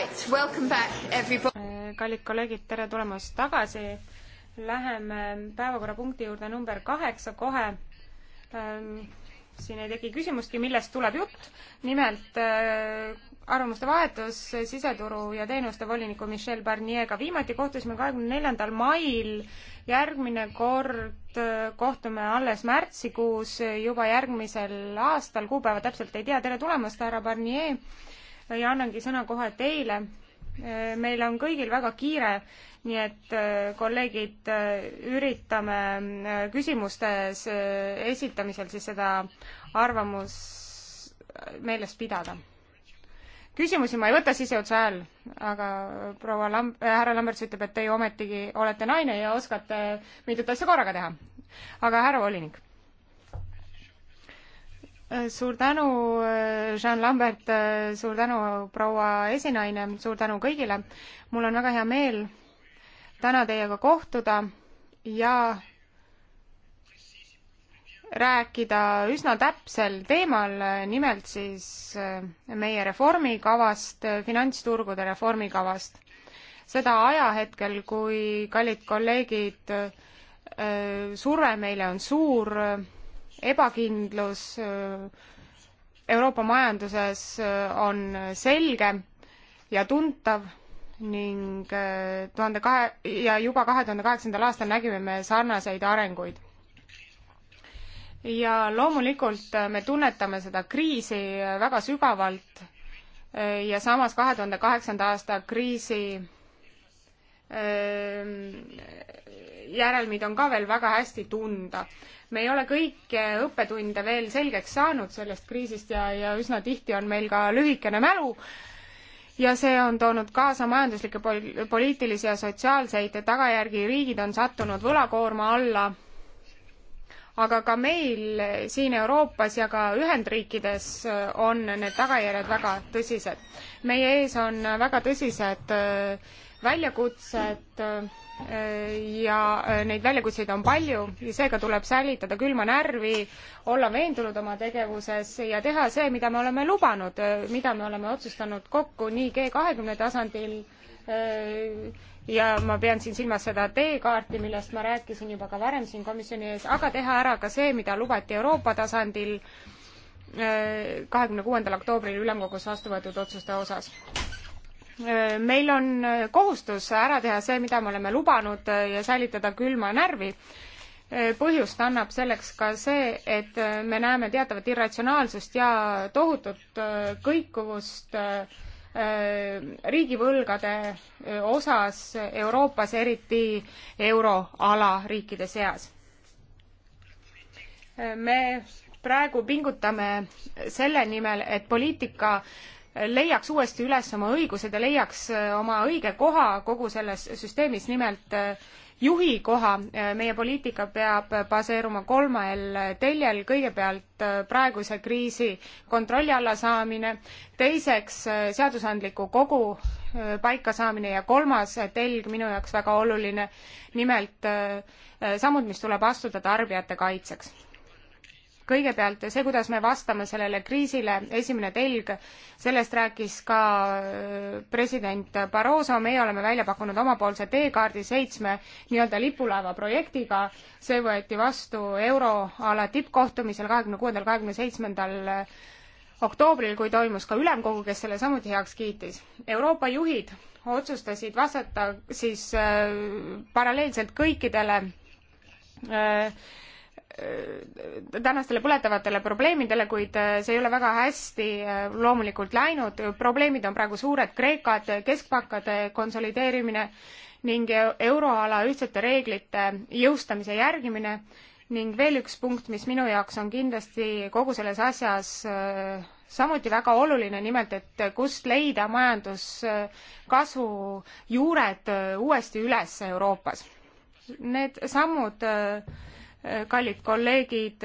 Right, welcome back everybody. kallid kolleegid, tere tulemast tagasi. Läheme päevakorrapunkti juurde number kaheksa kohe. Ähm, siin ei teki küsimustki, millest tuleb jutt. nimelt äh, arvamuste vahetus siseturu ja teenuste voliniku Michel Barnier'ga. viimati kohtusime kahekümne neljandal mail. järgmine kord äh, kohtume alles märtsikuus, juba järgmisel aastal, kuupäeva täpselt ei tea. tere tulemast, härra Barnier ja annangi sõna kohe teile. Äh, meil on kõigil väga kiire, nii et äh, kolleegid, äh, üritame küsimustes esitamisel siis seda arvamus meeles pidada. küsimusi ma ei võta siseotsa hääl, aga proua Lam-, härra Lamberts ütleb, et teie ometigi olete naine ja oskate mitut asja korraga teha. aga härra volinik Äh, suur tänu, äh, Jean Lambert, äh, suur tänu, proua esinaine, suur tänu kõigile. mul on väga hea meel täna teiega kohtuda ja rääkida üsna täpsel teemal, nimelt siis meie reformikavast, finantsturgude reformikavast. seda ajahetkel, kui kallid kolleegid, surve meile on suur ebakindlus äh, Euroopa majanduses äh, on selge ja tuntav ning äh, tuhande kahe ja juba kahe tuhande kaheksandal aastal nägime me sarnaseid arenguid. ja loomulikult me tunnetame seda kriisi väga sügavalt ja samas kahe tuhande kaheksanda aasta kriisi ähm, järelmid on ka veel väga hästi tunda. me ei ole kõiki õppetunde veel selgeks saanud sellest kriisist ja, ja üsna tihti on meil ka lühikene mälu ja see on toonud kaasa majanduslikke pol-, poliitilisi ja sotsiaalseid tagajärgi, riigid on sattunud võlakoorma alla, aga ka meil siin Euroopas ja ka Ühendriikides on need tagajärjed väga tõsised. meie ees on väga tõsised äh, väljakutsed äh, ja äh, neid väljakutseid on palju ja seega tuleb säilitada külma närvi, olla veendunud oma tegevuses ja teha see, mida me oleme lubanud, äh, mida me oleme otsustanud kokku nii G kahekümne tasandil äh, ja ma pean siin silmas seda teekaarti, millest ma rääkisin juba ka varem siin komisjoni ees, aga teha ära ka see, mida lubati Euroopa tasandil kahekümne kuuendal oktoobril ülemkogus vastu võetud otsuste osas meil on äh, kohustus ära teha see, mida me oleme lubanud äh, ja säilitada külma närvi. Äh, põhjust annab selleks ka see, et me näeme teatavat irratsionaalsust ja tohutut kõikuvust riigivõlgade osas Euroopas, eriti euroala riikide seas. me praegu pingutame selle nimel, et poliitika leiaks uuesti üles oma õigused ja leiaks äh, oma õige koha kogu selles süsteemis, nimelt äh, juhi koha. Äh, meie poliitika peab baseeruma kolmel teljel, kõigepealt praeguse kriisi kontrolli alla saamine, teiseks seadusandliku kogu paika saamine ja kolmas telg minu jaoks väga oluline, nimelt sammud, mis tuleb astuda tarbijate kaitseks kõigepealt see, kuidas me vastame sellele kriisile, esimene telg, sellest rääkis ka äh, president Barroso, meie oleme välja pakkunud omapoolse teekaardi seitsme nii-öelda lipulaeva projektiga, see võeti vastu euroala tippkohtumisel kahekümne kuuendal, kahekümne seitsmendal äh, oktoobril, kui toimus ka ülemkogu, kes selle samuti heaks kiitis. Euroopa juhid otsustasid vastata siis äh, paralleelselt kõikidele äh, Äh, tänastele põletavatele probleemidele, kuid äh, see ei ole väga hästi äh, loomulikult läinud. probleemid on praegu suured, Kreekad, keskpankade konsolideerimine ning e-, euroala ühtsete reeglite jõustamise järgimine ning veel üks punkt, mis minu jaoks on kindlasti kogu selles asjas samuti väga oluline, nimelt et kust leida majanduskasvu juured uuesti üles Euroopas. Need sammud äh, kallid kolleegid,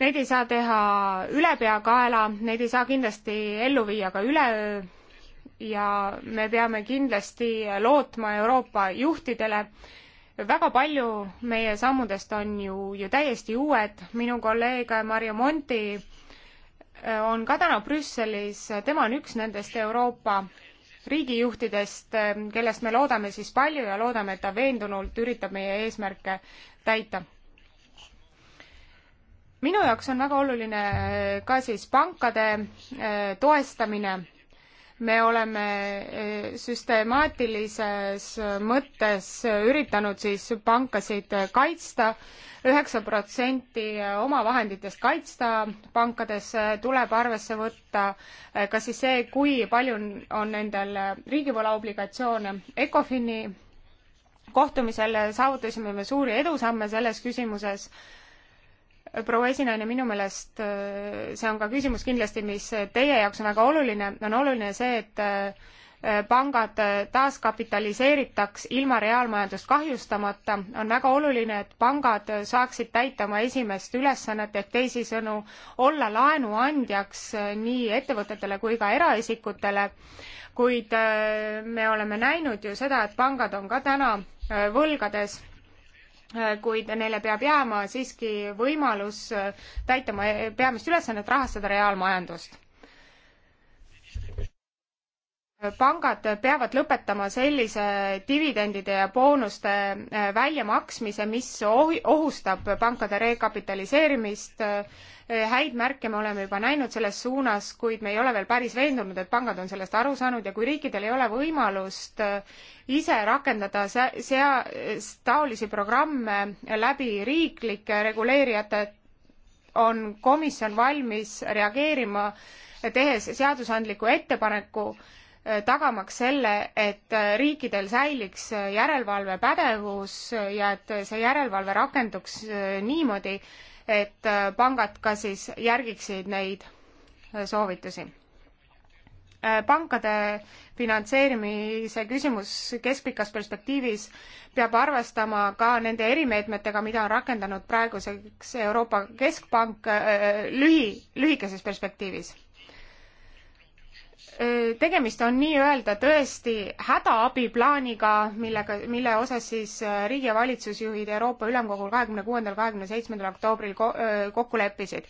neid ei saa teha ülepeakaela, neid ei saa kindlasti ellu viia ka üleöö ja me peame kindlasti lootma Euroopa juhtidele. väga palju meie sammudest on ju, ju täiesti uued, minu kolleeg Marju Monti on ka täna Brüsselis, tema on üks nendest Euroopa riigijuhtidest, ehm, kellest me loodame siis palju ja loodame, et ta veendunult üritab meie eesmärke täita. minu jaoks on väga oluline ka siis pankade ehm, toestamine me oleme eh, süstemaatilises mõttes üritanud siis pankasid kaitsta, üheksa protsenti omavahenditest kaitsta pankades, tuleb arvesse võtta eh, ka siis see, kui palju on nendel riigivõlaobligatsioone. ECOFIN-i kohtumisel saavutasime me suuri edusamme selles küsimuses proua esinaine, minu meelest äh, see on ka küsimus kindlasti, mis teie jaoks on väga oluline, on oluline see, et äh, pangad äh, taaskapitaliseeritaks ilma reaalmajandust kahjustamata, on väga oluline, et pangad saaksid täita oma esimest ülesannet ehk teisisõnu olla laenuandjaks nii ettevõtetele kui ka eraisikutele, kuid me oleme näinud ju seda, et pangad on ka täna võlgades Äh, kuid neile peab jääma siiski võimalus äh, täita oma äh, peamist ülesannet, rahastada reaalmajandust pangad peavad lõpetama sellise dividendide ja boonuste äh, väljamaksmise, mis ohustab pankade rekapitaliseerimist. Äh, häid märke me oleme juba näinud selles suunas, kuid me ei ole veel päris veendunud, et pangad on sellest aru saanud ja kui riikidel ei ole võimalust äh, ise rakendada sea-, taolisi programme läbi riiklike reguleerijate, on komisjon valmis reageerima tehes seadusandliku ettepaneku Äh, tagamaks selle, et äh, riikidel säiliks äh, järelevalvepädevus ja et see järelevalve rakenduks niimoodi, et pangad ka siis järgiksid neid soovitusi. pankade finantseerimise küsimus keskpikas perspektiivis peab arvestama ka nende erimeetmetega, mida on rakendanud praeguseks Euroopa Keskpank lühi, lühikeses perspektiivis Äh, tegemist on nii-öelda tõesti hädaabiplaaniga, millega, mille osas siis äh, riigi- ja valitsusjuhid Euroopa Ülemkogul kahekümne kuuendal, kahekümne seitsmendal oktoobril äh, kokku leppisid.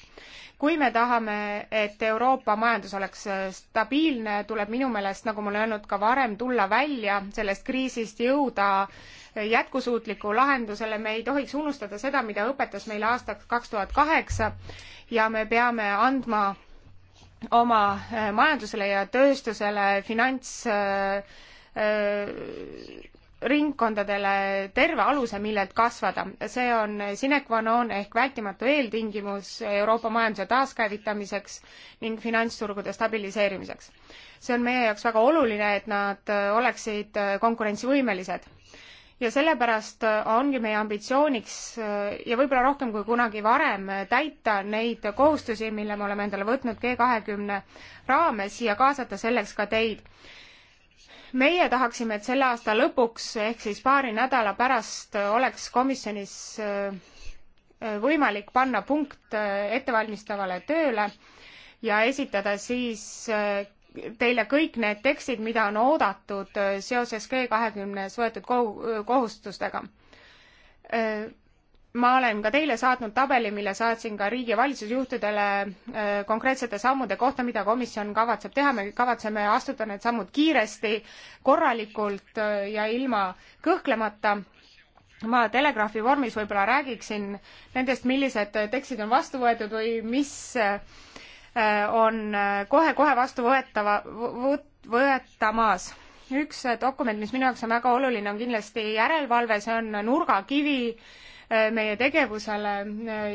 kui me tahame, et Euroopa majandus oleks stabiilne, tuleb minu meelest, nagu ma olen öelnud ka varem, tulla välja sellest kriisist, jõuda jätkusuutliku lahendusele, me ei tohiks unustada seda, mida õpetas meile aastaks kaks tuhat kaheksa ja me peame andma oma äh, majandusele ja tööstusele, finantsringkondadele äh, äh, terve aluse, millelt kasvada. see on sine qua non ehk vältimatu eeltingimus Euroopa majanduse taaskäivitamiseks ning finantsturgude stabiliseerimiseks. see on meie jaoks väga oluline, et nad oleksid konkurentsivõimelised ja sellepärast äh, ongi meie ambitsiooniks äh, ja võib-olla rohkem kui kunagi varem äh, täita neid kohustusi, mille me oleme endale võtnud G kahekümne raames ja kaasata selleks ka teid. meie tahaksime, et selle aasta lõpuks ehk siis paari nädala pärast oleks komisjonis võimalik panna punkt ettevalmistavale tööle ja esitada siis teile kõik need tekstid, mida on oodatud äh, seoses G kahekümnes võetud äh, kohustustega. Äh, ma olen ka teile saatnud tabeli, mille saatsin ka riigi valitsusjuhtidele konkreetsete sammude kohta, mida komisjon kavatseb teha, me kavatseme astuda need sammud kiiresti, korralikult ja ilma kõhklemata ma telegraafi vormis võib-olla räägiksin nendest, millised tekstid on vastu võetud või mis äh, Äh, on äh, kohe-kohe vastuvõetava, võetamas. üks äh, dokument, mis minu jaoks on väga oluline, on kindlasti järelevalve, see on nurgakivi meie tegevusele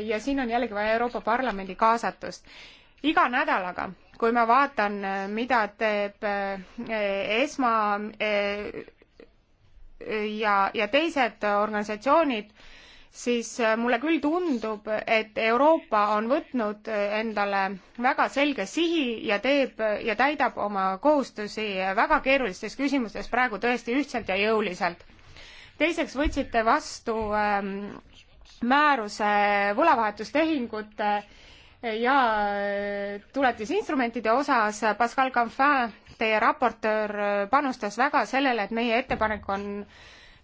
ja siin on jällegi vaja Euroopa Parlamendi kaasatust. iga nädalaga, kui ma vaatan, mida teeb ESMA ja, ja teised organisatsioonid, siis äh, mulle küll tundub, et Euroopa on võtnud äh, endale väga selge sihi ja teeb äh, ja täidab oma kohustusi väga keerulistes küsimustes praegu tõesti ühtselt ja jõuliselt. teiseks võtsite vastu ähm, määruse võlavahetustehingute ja tuletisinstrumentide osas Pascal Canfin, teie raportöör, panustas väga sellele, et meie ettepanek on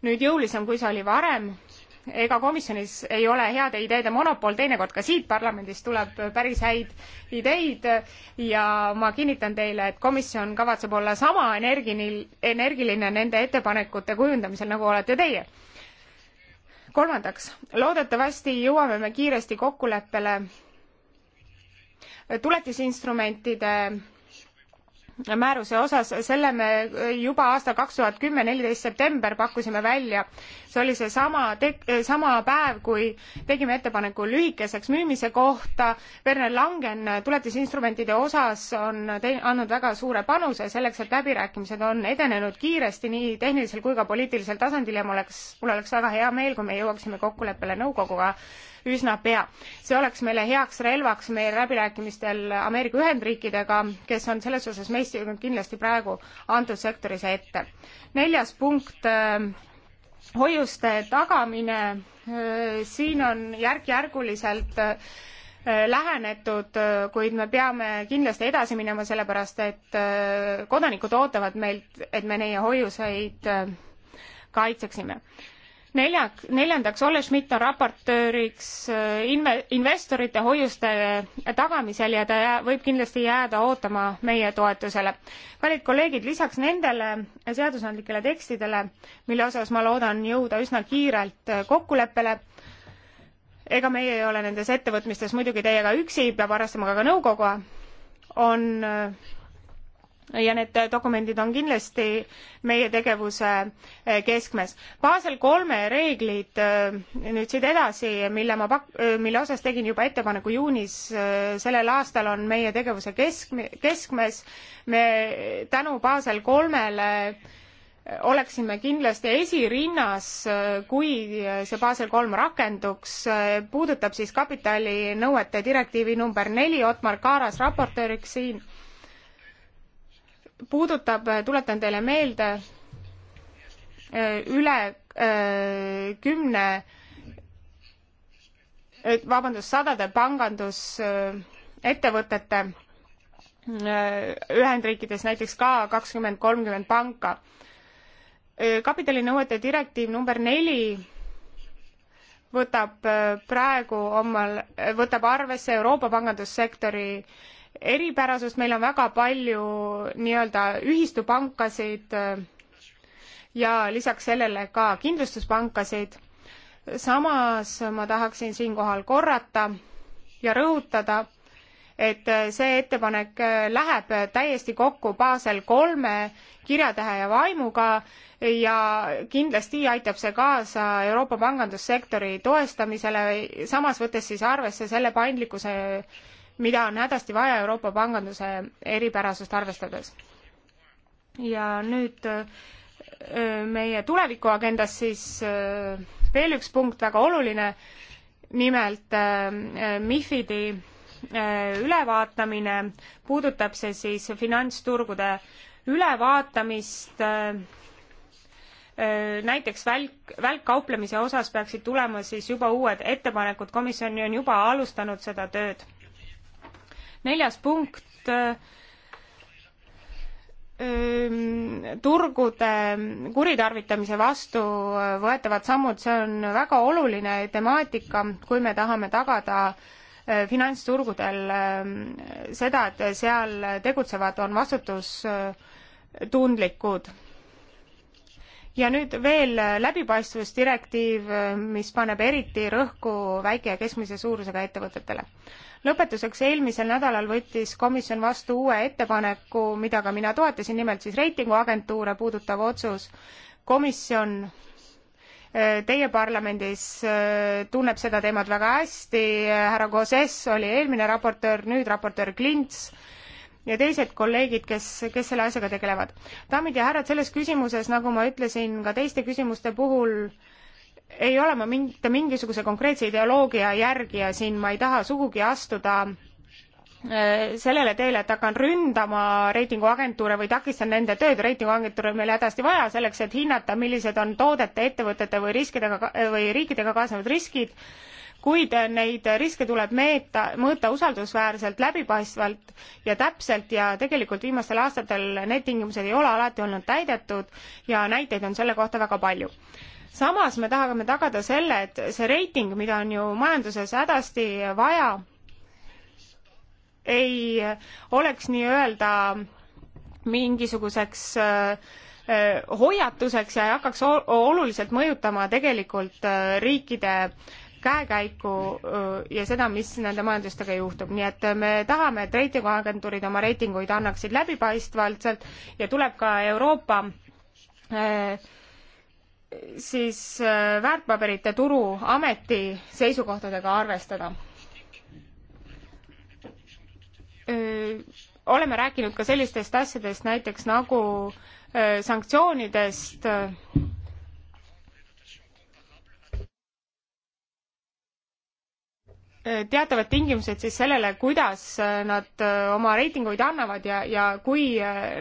nüüd jõulisem, kui see oli varem ega komisjonis ei ole heade ideede monopol, teinekord ka siit parlamendist tuleb päris häid ideid ja ma kinnitan teile, et komisjon kavatseb olla sama energini, energiline nende ettepanekute kujundamisel, nagu olete teie. kolmandaks, loodetavasti jõuame me kiiresti kokkuleppele tuletisinstrumentide määruse osas, selle me juba aasta kaks tuhat kümme, neliteist september pakkusime välja. see oli seesama tek-, sama päev, kui tegime ettepaneku lühikeseks müümise kohta. Werner Langen tuletisinstrumentide osas on te-, andnud väga suure panuse selleks, et läbirääkimised on edenenud kiiresti nii tehnilisel kui ka poliitilisel tasandil ja mul oleks, mul oleks väga hea meel, kui me jõuaksime kokkuleppele nõukoguga üsna pea. see oleks meile heaks relvaks meie läbirääkimistel Ameerika Ühendriikidega, kes on selles osas meist kindlasti praegu antud sektoris ette. neljas punkt äh, hoiuste tagamine, äh, siin on järk-järguliselt äh, lähenetud, kuid me peame kindlasti edasi minema, sellepärast et kodanikud ootavad meilt, et me neie hoiuseid kaitseksime neljak-, neljandaks, Olle Schmidt on raportööriks äh, inve-, investorite hoiuste tagamisel ja ta jää, võib kindlasti jääda ootama meie toetusele. kallid kolleegid, lisaks nendele seadusandlikele tekstidele, mille osas ma loodan jõuda üsna kiirelt äh, kokkuleppele, ega meie ei ole nendes ettevõtmistes muidugi teiega üksi, peab arvestama ka, ka nõukoguga, on äh, ja need dokumendid on kindlasti meie tegevuse eh, keskmes. Basel kolme reeglid eh, nüüd siit edasi, mille ma pak-, eh, mille osas tegin juba ettepaneku juunis sellel aastal, on meie tegevuse kesk-, keskmes. me tänu Basel kolmele oleksime kindlasti esirinnas, kui see Basel kolm rakenduks, puudutab siis kapitalinõuete direktiivi number neli, Otmar Kaaras raportööriks siin puudutab, tuletan teile meelde, äh, üle äh, kümne, vabandust, sadade pangandusettevõtete äh, Ühendriikides näiteks ka kakskümmend, kolmkümmend panka. kapitalinõuete direktiiv number neli võtab praegu omal, võtab arvesse Euroopa pangandussektori eripärasust, meil on väga palju nii-öelda ühistupankasid äh, ja lisaks sellele ka kindlustuspankasid. samas ma tahaksin siinkohal korrata ja rõhutada, et äh, see ettepanek äh, läheb täiesti kokku Basel kolme kirjatähe ja vaimuga ja kindlasti aitab see kaasa Euroopa pangandussektori toestamisele, samas võttes siis arvesse selle paindlikkuse mida on hädasti vaja Euroopa panganduse eripärasust arvestades. ja nüüd meie tulevikuagendas siis veel üks punkt väga oluline, nimelt MIFIDi ülevaatamine, puudutab see siis finantsturgude ülevaatamist, näiteks välk, välkkauplemise osas peaksid tulema siis juba uued ettepanekud, komisjon on juba alustanud seda tööd neljas punkt turgude kuritarvitamise vastu võetavad sammud, see on väga oluline temaatika, kui me tahame tagada finantsturgudel seda, et seal tegutsevad on vastutustundlikud ja nüüd veel läbipaistvusdirektiiv, mis paneb eriti rõhku väike ja keskmise suurusega ettevõtetele. lõpetuseks, eelmisel nädalal võttis komisjon vastu uue ettepaneku, mida ka mina toetasin, nimelt siis reitinguagentuure puudutav otsus. komisjon eh, teie parlamendis eh, tunneb seda teemat väga hästi, härra Gozes oli eelmine raportöör, nüüd raportöör Klints ja teised kolleegid, kes, kes selle asjaga tegelevad. daamid ja härrad, selles küsimuses, nagu ma ütlesin ka teiste küsimuste puhul, ei ole ma mitte mingisuguse konkreetse ideoloogia järgija siin, ma ei taha sugugi astuda äh, sellele teele, et hakkan ründama reitinguagentuure või takistan nende tööd, reitinguagentuure on meil hädasti vaja selleks, et hinnata, millised on toodete, ettevõtete või riskidega või riikidega kaasnevad riskid kuid neid riske tuleb meeta, mõõta usaldusväärselt, läbipaistvalt ja täpselt ja tegelikult viimastel aastatel need tingimused ei ole alati olnud täidetud ja näiteid on selle kohta väga palju samas me tahame tagada selle, et see reiting, mida on ju majanduses hädasti vaja, ei oleks nii-öelda mingisuguseks äh, äh, hoiatuseks ja ei hakkaks oluliselt mõjutama tegelikult äh, riikide käekäiku ja seda, mis nende majandustega juhtub, nii et me tahame, et reitinguagentuurid oma reitinguid annaksid läbipaistvalt ja tuleb ka Euroopa siis väärtpaberite turu ameti seisukohtadega arvestada oleme rääkinud ka sellistest asjadest näiteks nagu sanktsioonidest Äh, teatavad tingimused siis sellele, kuidas äh, nad äh, oma reitinguid annavad ja, ja kui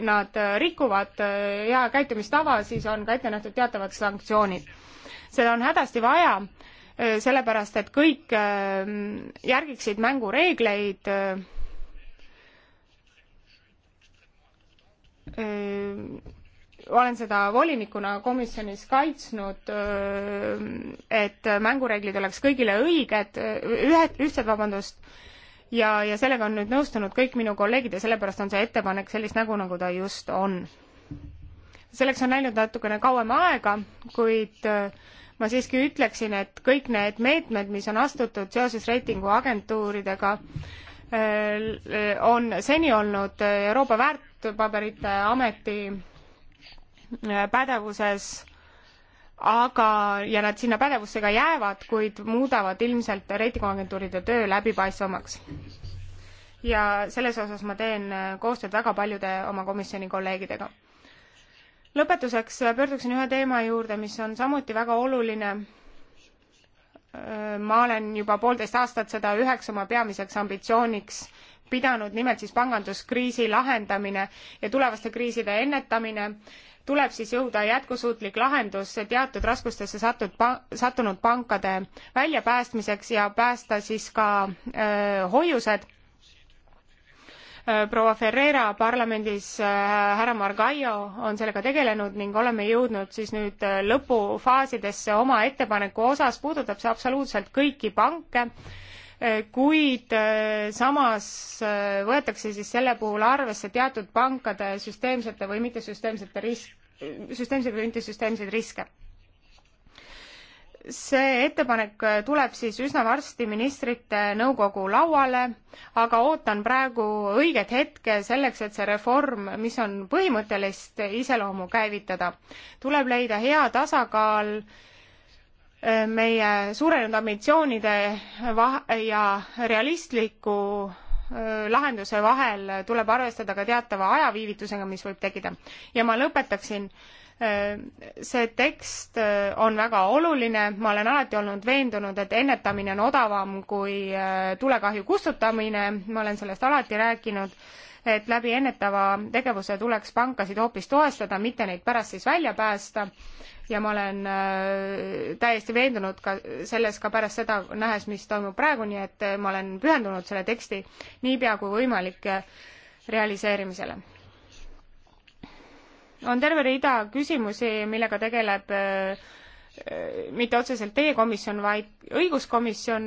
nad rikuvad hea käitumistava, siis on ka ette nähtud teatavad sanktsioonid. seda on hädasti vaja, sellepärast et kõik järgiksid mängureegleid olen seda volinikuna komisjonis kaitsnud, et mängureeglid oleks kõigile õiged, ühed, ühtsed, vabandust, ja, ja sellega on nüüd nõustunud kõik minu kolleegid ja sellepärast on see ettepanek sellist nägu, nagu ta just on. selleks on läinud natukene kauem aega, kuid ma siiski ütleksin, et kõik need meetmed, mis on astutud seoses reitinguagentuuridega, on seni olnud Euroopa Väärtpaberite Ameti pädevuses, aga, ja nad sinna pädevusse ka jäävad, kuid muudavad ilmselt reitinguagentuuride töö läbipaistvamaks. ja selles osas ma teen koostööd väga paljude oma komisjoni kolleegidega. lõpetuseks pöörduksin ühe teema juurde, mis on samuti väga oluline. ma olen juba poolteist aastat seda üheks oma peamiseks ambitsiooniks pidanud nimelt siis panganduskriisi lahendamine ja tulevaste kriiside ennetamine tuleb siis jõuda jätkusuutlik lahendus teatud raskustesse sattud pa- sattunud pankade väljapäästmiseks ja päästa siis ka öö, hoiused proua Ferreira parlamendis härra Margallo on sellega tegelenud ning oleme jõudnud siis nüüd lõpufaasidesse oma ettepaneku osas, puudutab see absoluutselt kõiki panke kuid eh, samas eh, võetakse siis selle puhul arvesse teatud pankade süsteemsete või mittesüsteemsete risk, süsteemseid või mittesüsteemseid riske see ettepanek eh, tuleb siis üsna varsti ministrite nõukogu lauale, aga ootan praegu õiget hetke selleks, et see reform, mis on põhimõttelist iseloomu, käivitada. tuleb leida hea tasakaal meie suurenenud ambitsioonide ja realistliku lahenduse vahel tuleb arvestada ka teatava ajaviivitusega, mis võib tekkida. ja ma lõpetaksin, see tekst on väga oluline, ma olen alati olnud veendunud, et ennetamine on odavam kui tulekahju kustutamine, ma olen sellest alati rääkinud et läbi ennetava tegevuse tuleks pankasid hoopis toestada, mitte neid pärast siis välja päästa. ja ma olen äh, täiesti veendunud ka selles ka pärast seda, nähes, mis toimub praegu, nii et äh, ma olen pühendunud selle teksti niipea kui võimalik äh, realiseerimisele on terve rida küsimusi, millega tegeleb mitte otseselt teie komisjon, vaid õiguskomisjon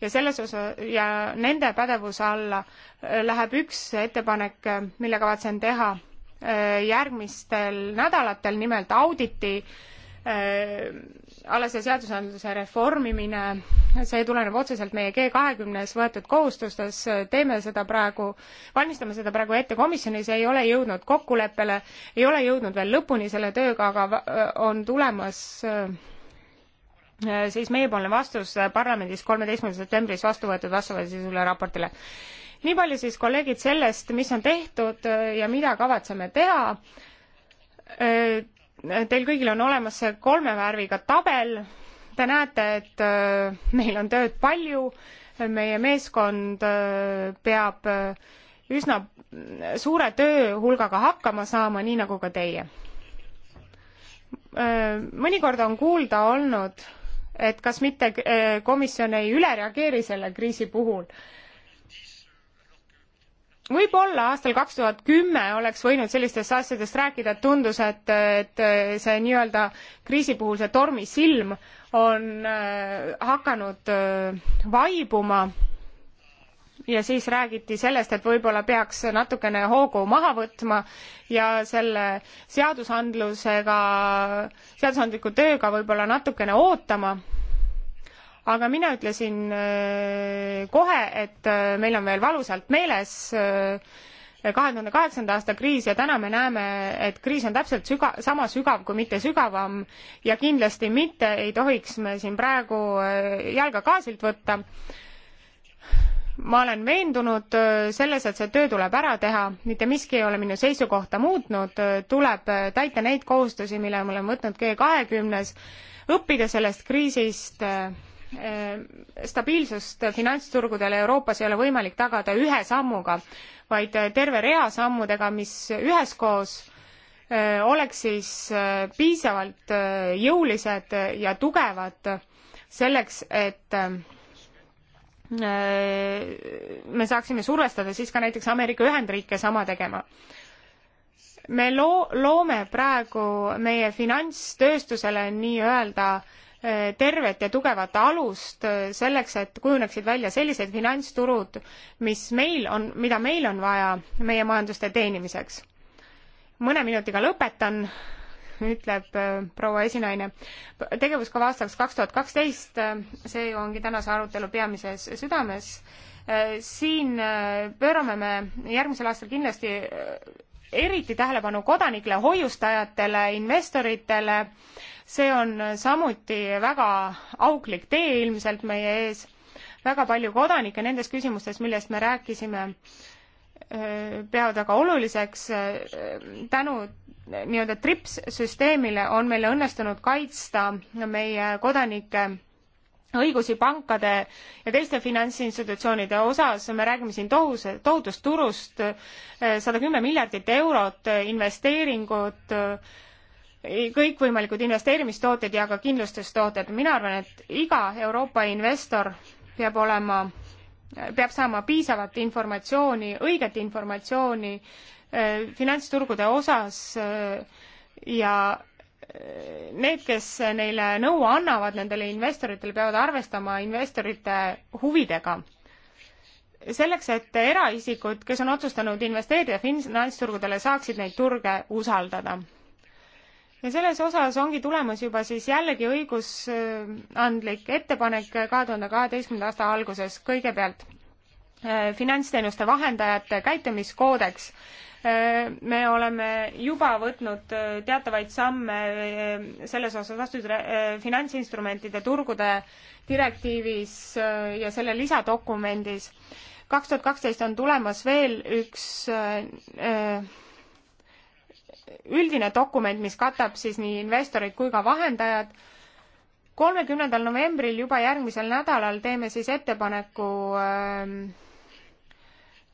ja selles osa ja nende pädevuse alla äh, läheb üks ettepanek, äh, mille kavatsen teha äh, järgmistel nädalatel, nimelt auditi äh, Äh, alase seadusandluse reformimine, see tuleneb otseselt meie G kahekümnes võetud kohustustes, teeme seda praegu, valmistame seda praegu ette komisjonis, ei ole jõudnud kokkuleppele, ei ole jõudnud veel lõpuni selle tööga, aga on tulemas äh, siis meiepoolne vastus äh, parlamendis kolmeteistkümnendal septembris vastu võetud vastavasisule raportile. nii palju siis kolleegid sellest, mis on tehtud ja mida kavatseme teha teil kõigil on olemas see kolme värviga tabel, te näete, et äh, meil on tööd palju, meie meeskond äh, peab äh, üsna suure tööhulgaga hakkama saama, nii nagu ka teie. mõnikord on kuulda olnud, et kas mitte komisjon ei ülereageeri selle kriisi puhul võib-olla aastal kaks tuhat kümme oleks võinud sellistest asjadest rääkida, et tundus, et, et see nii-öelda kriisi puhul see tormisilm on äh, hakanud äh, vaibuma ja siis räägiti sellest, et võib-olla peaks natukene hoogu maha võtma ja selle seadusandlusega, seadusandliku tööga võib-olla natukene ootama aga mina ütlesin äh, kohe, et äh, meil on veel valusalt meeles äh, kahe tuhande kaheksanda aasta kriis ja täna me näeme, et kriis on täpselt süga-, sama sügav, kui mitte sügavam ja kindlasti mitte ei tohiks me siin praegu jalga gaasilt võtta. ma olen veendunud selles, et see töö tuleb ära teha, mitte miski ei ole minu seisukohta muutnud, tuleb täita neid kohustusi, mille me oleme võtnud G kahekümnes, õppida sellest kriisist äh, Äh, stabiilsust finantsturgudel Euroopas ei ole võimalik tagada ühe sammuga, vaid äh, terve rea sammudega, mis üheskoos äh, oleks siis piisavalt jõulised ja tugevad selleks, et me saaksime survestada siis ka näiteks Ameerika Ühendriike sama tegema me loo- loome praegu meie finantstööstusele nii-öelda tervet ja tugevat alust selleks, et kujuneksid välja sellised finantsturud, mis meil on, mida meil on vaja meie majanduste teenimiseks. mõne minutiga lõpetan, ütleb äh, proua esinaine. tegevuskava aastaks kaks tuhat kaksteist, äh, see ongi tänase arutelu peamises südames. Äh, siin pöörame me järgmisel aastal kindlasti eriti tähelepanu kodanikele, hoiustajatele, investoritele see on samuti väga auklik tee ilmselt meie ees, väga palju kodanikke nendes küsimustes, millest me rääkisime, peavad väga oluliseks tänu nii-öelda trips süsteemile on meil õnnestunud kaitsta meie kodanike õigusi pankade ja teiste finantsinstitutsioonide osas, me räägime siin tohus, tohutust turust, sada kümme miljardit eurot investeeringut, kõikvõimalikud investeerimistooted ja ka kindlustustooted. mina arvan, et iga Euroopa investor peab olema, peab saama piisavat informatsiooni, õiget informatsiooni eh, finantsturgude osas eh, ja eh, need, kes neile nõu annavad, nendele investoritele, peavad arvestama investorite huvidega. selleks, et eraisikud, kes on otsustanud investeerida finantsturgudele, saaksid neid turge usaldada ja selles osas ongi tulemas juba siis jällegi õigusandlik ettepanek kahe tuhande kaheteistkümnenda aasta alguses kõigepealt äh, finantsteenuste vahendajate käitumiskoodeks äh, me oleme juba võtnud äh, teatavaid samme selles osas vastu finantsinstrumentide turgude direktiivis ja selle lisadokumendis. kaks tuhat kaksteist on tulemas veel üks üldine dokument, mis katab siis nii investorid kui ka vahendajad. kolmekümnendal novembril, juba järgmisel nädalal teeme siis ettepaneku ähm,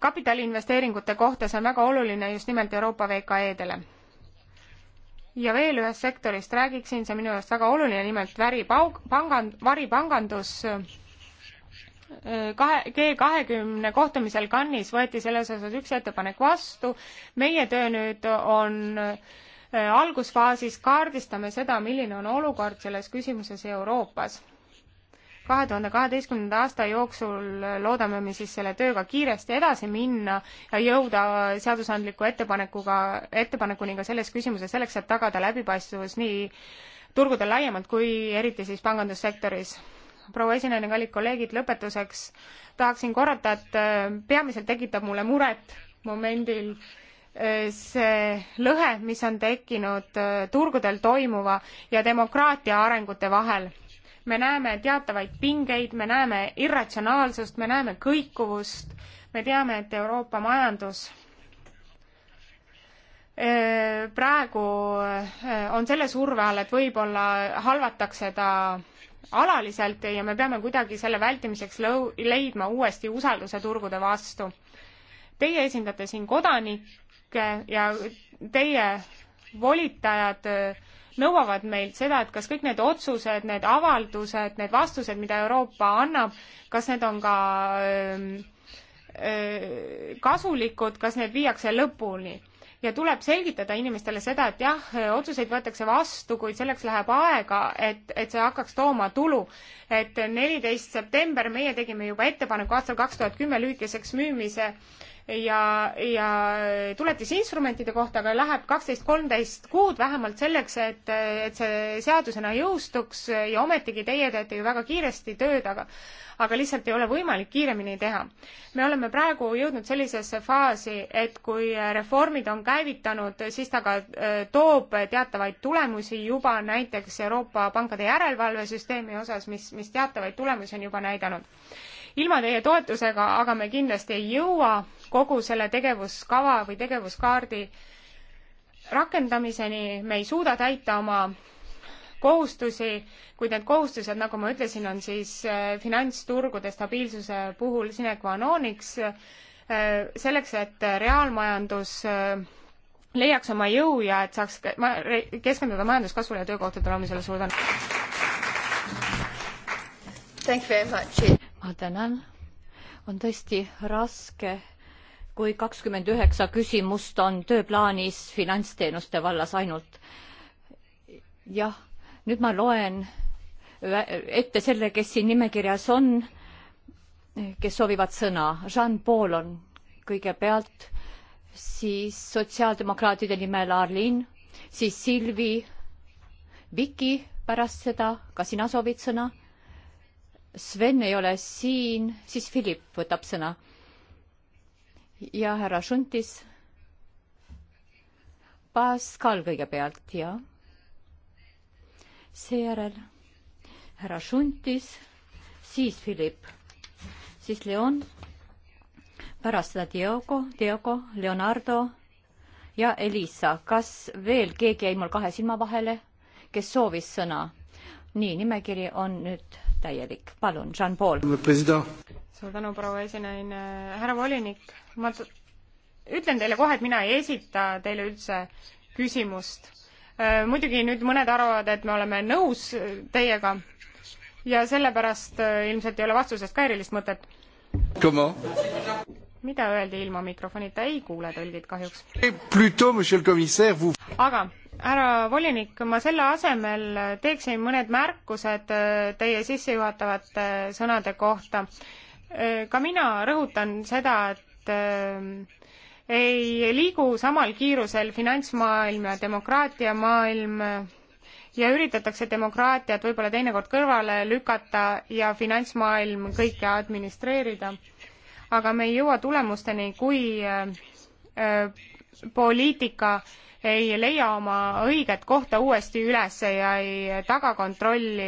kapitaliinvesteeringute kohta, see on väga oluline just nimelt Euroopa VKE-dele. ja veel ühest sektorist räägiksin, see on minu jaoks väga oluline, nimelt väripang-, pangand-, varipangandus kahe, G kahekümne kohtumisel Cannes'is võeti selles osas üks ettepanek vastu. meie töö nüüd on äh, algusfaasis, kaardistame seda, milline on olukord selles küsimuses Euroopas. kahe tuhande kaheteistkümnenda aasta jooksul loodame me siis selle tööga kiiresti edasi minna ja jõuda seadusandliku ettepanekuga, ettepanekuni ka selles küsimuses, selleks et tagada läbipaistvus nii turgudel laiemalt kui eriti siis pangandussektoris proua esineja, kallid kolleegid, lõpetuseks tahaksin korrata, et äh, peamiselt tekitab mulle muret momendil äh, see lõhe, mis on tekkinud äh, turgudel toimuva ja demokraatia arengute vahel. me näeme teatavaid pingeid, me näeme irratsionaalsust, me näeme kõikuvust, me teame, et Euroopa majandus praegu on selle surve all, et võib-olla halvatakse ta alaliselt ja me peame kuidagi selle vältimiseks lõu-, leidma uuesti usalduse turgude vastu. Teie esindate siin kodanikke ja teie volitajad äh, nõuavad meilt seda, et kas kõik need otsused, need avaldused, need vastused, mida Euroopa annab, kas need on ka öö, ähm, öö, äh, kasulikud, kas need viiakse lõpuni ja tuleb selgitada inimestele seda, et jah, otsuseid võetakse vastu, kuid selleks läheb aega, et, et see hakkaks tooma tulu. et neliteist september meie tegime juba ettepaneku aastal kaks tuhat kümme lühikeseks müümise äh, ja, ja tuletisinstrumentide kohta, aga läheb kaksteist, kolmteist kuud vähemalt selleks, et, et see seadusena jõustuks ja ometigi teie teete ju väga kiiresti tööd, aga aga lihtsalt ei ole võimalik kiiremini teha. me oleme praegu jõudnud sellisesse faasi, et kui reformid on käivitanud, siis ta ka äh, toob teatavaid tulemusi juba näiteks Euroopa pankade järelevalvesüsteemi osas, mis, mis teatavaid tulemusi on juba näidanud ilma teie toetusega aga me kindlasti ei jõua kogu selle tegevuskava või tegevuskaardi rakendamiseni, me ei suuda täita oma kohustusi, kuid need kohustused, nagu ma ütlesin, on siis äh, finantsturgude stabiilsuse puhul sine qua non'iks, äh, selleks, et reaalmajandus äh, leiaks oma jõu ja et saaks keskenduda majanduskasvule ja töökohtade loomisele. suur tänu! ma tänan. on tõesti raske, kui kakskümmend üheksa küsimust on tööplaanis finantsteenuste vallas ainult. jah, nüüd ma loen ette selle, kes siin nimekirjas on, kes soovivad sõna. Jean-Paul on kõigepealt, siis sotsiaaldemokraatide nimel Arlin, siis Silvi, Viki pärast seda, ka sina soovid sõna Sven ei ole siin, siis Philipp võtab sõna. ja härra Šuntis. Pascal kõigepealt ja seejärel härra Šuntis, siis Philipp, siis Leon, pärast seda Diego, Diego, Leonardo ja Elisa. kas veel keegi jäi mul kahe silma vahele, kes soovis sõna? nii, nimekiri on nüüd täielik. palun, Jean-Paul. suur tänu, proua esinaine. härra volinik, ma ütlen teile kohe, et mina ei esita teile üldse küsimust. Äh, muidugi nüüd mõned arvavad, et me oleme nõus äh, teiega ja sellepärast äh, ilmselt ei ole vastusest ka erilist mõtet mida öeldi ilma mikrofonita, ei kuule tõlgid kahjuks. aga härra volinik, ma selle asemel teeksin mõned märkused äh, teie sissejuhatavate sõnade kohta. Äh, ka mina rõhutan seda, et äh, ei liigu samal kiirusel finantsmaailm ja demokraatiamaailm ja üritatakse demokraatiat võib-olla teinekord kõrvale lükata ja finantsmaailm kõike administreerida aga me ei jõua tulemusteni, kui äh, poliitika ei leia oma õiget kohta uuesti üles ja ei taga kontrolli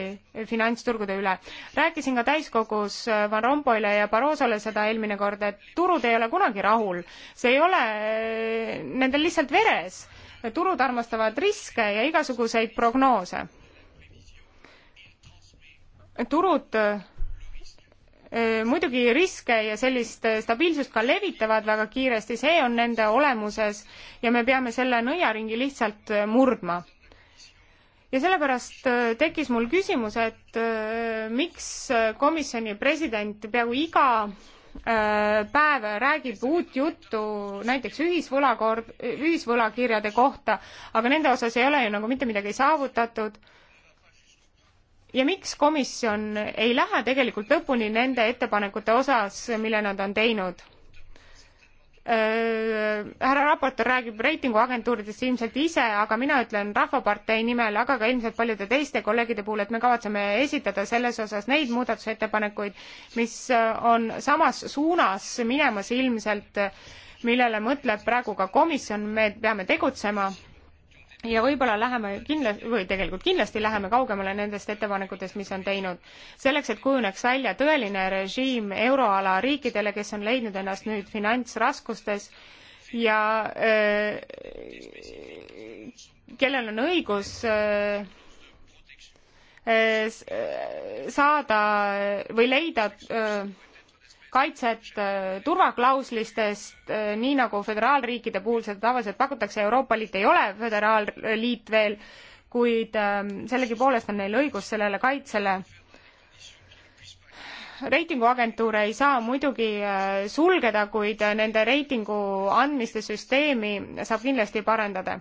finantsturgude üle. rääkisin ka täiskogus äh, Van Rompuyle ja Barrosole seda eelmine kord, et turud ei ole kunagi rahul, see ei ole äh, nendel lihtsalt veres. turud armastavad riske ja igasuguseid prognoose. turud Äh, muidugi riske ja sellist äh, stabiilsust ka levitavad väga kiiresti, see on nende olemuses ja me peame selle nõiaringi lihtsalt äh, murdma. ja sellepärast tekkis mul küsimus, et miks komisjoni president peaaegu iga päev räägib uut juttu näiteks ühisvõlakord, ühisvõlakirjade kohta, aga nende osas ei ole ju nagu mitte midagi saavutatud ja miks komisjon ei lähe tegelikult lõpuni nende ettepanekute osas, mille nad on teinud? Äh, härra raportöör räägib reitinguagentuuridest ilmselt ise, aga mina ütlen Rahvapartei nimel, aga ka ilmselt paljude teiste kolleegide puhul, et me kavatseme esitada selles osas neid muudatusettepanekuid, mis äh, on samas suunas minemas ilmselt, millele mõtleb praegu ka komisjon, me peame tegutsema ja võib-olla läheme kindlasti, või tegelikult kindlasti läheme kaugemale nendest ettepanekutest, mis on teinud. selleks, et kujuneks välja tõeline režiim euroala riikidele, kes on leidnud ennast nüüd finantsraskustes ja öö, äh, kellel on õigus öö, äh, äh, saada või leida öö, kaitset äh, turvaklauslistest, äh, nii nagu föderaalriikide puhul seda tavaliselt pakutakse, Euroopa Liit ei ole föderaalliit veel, kuid ähm, sellegipoolest on neil õigus sellele kaitsele. reitinguagentuure ei saa muidugi äh, sulgeda, kuid nende reitingu andmiste süsteemi saab kindlasti parandada.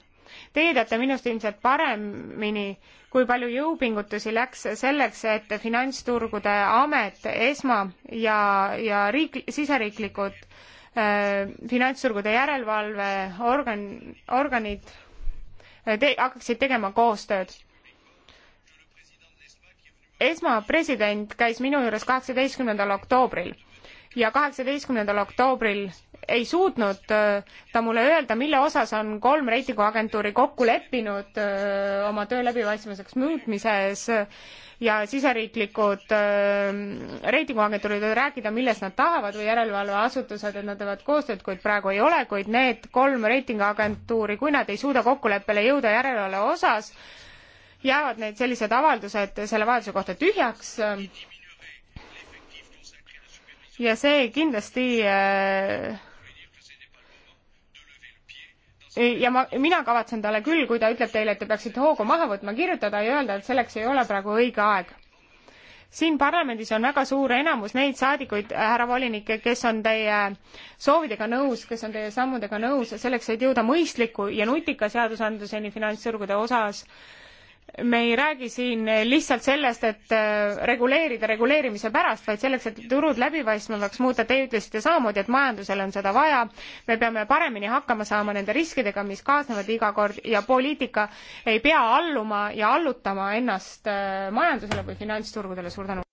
Teie teate minust ilmselt paremini äh, kui palju jõupingutusi läks selleks, et Finantsturgude Amet, ESMA ja, ja riik, siseriiklikud äh, finantsturgude järelevalveorgan, organid äh, te, hakkaksid tegema koostööd. ESMA president käis minu juures kaheksateistkümnendal oktoobril ja kaheksateistkümnendal oktoobril ei suutnud äh, ta mulle öelda, mille osas on kolm reitinguagentuuri kokku leppinud äh, oma töö läbipaistvamaks muutmises ja siseriiklikud äh, reitinguagentuurid võivad rääkida, millest nad tahavad või järelevalveasutused, et nad teevad koostööd, kuid praegu ei ole, kuid need kolm reitinguagentuuri, kui nad ei suuda kokkuleppele jõuda järelevalve osas, jäävad need sellised avaldused selle vajaduse kohta tühjaks ja see kindlasti äh, ja ma, mina kavatsen talle küll, kui ta ütleb teile, et te peaksite hoogu maha võtma, kirjutada ja öelda, et selleks ei ole praegu õige aeg. siin parlamendis on väga suur enamus neid saadikuid, härra volinik, kes on teie soovidega nõus, kes on teie sammudega nõus, selleks, et jõuda mõistliku ja nutika seadusandluseni finantsturgude osas äh, me ei räägi siin lihtsalt sellest, et äh, reguleerida reguleerimise pärast, vaid selleks, et turud läbipaistvamaks muuta, teie ütlesite samamoodi, et majandusel on seda vaja, me peame paremini hakkama saama nende riskidega, mis kaasnevad iga kord ja poliitika ei pea alluma ja allutama ennast äh, majandusele või finantsturgudele, suur tänu.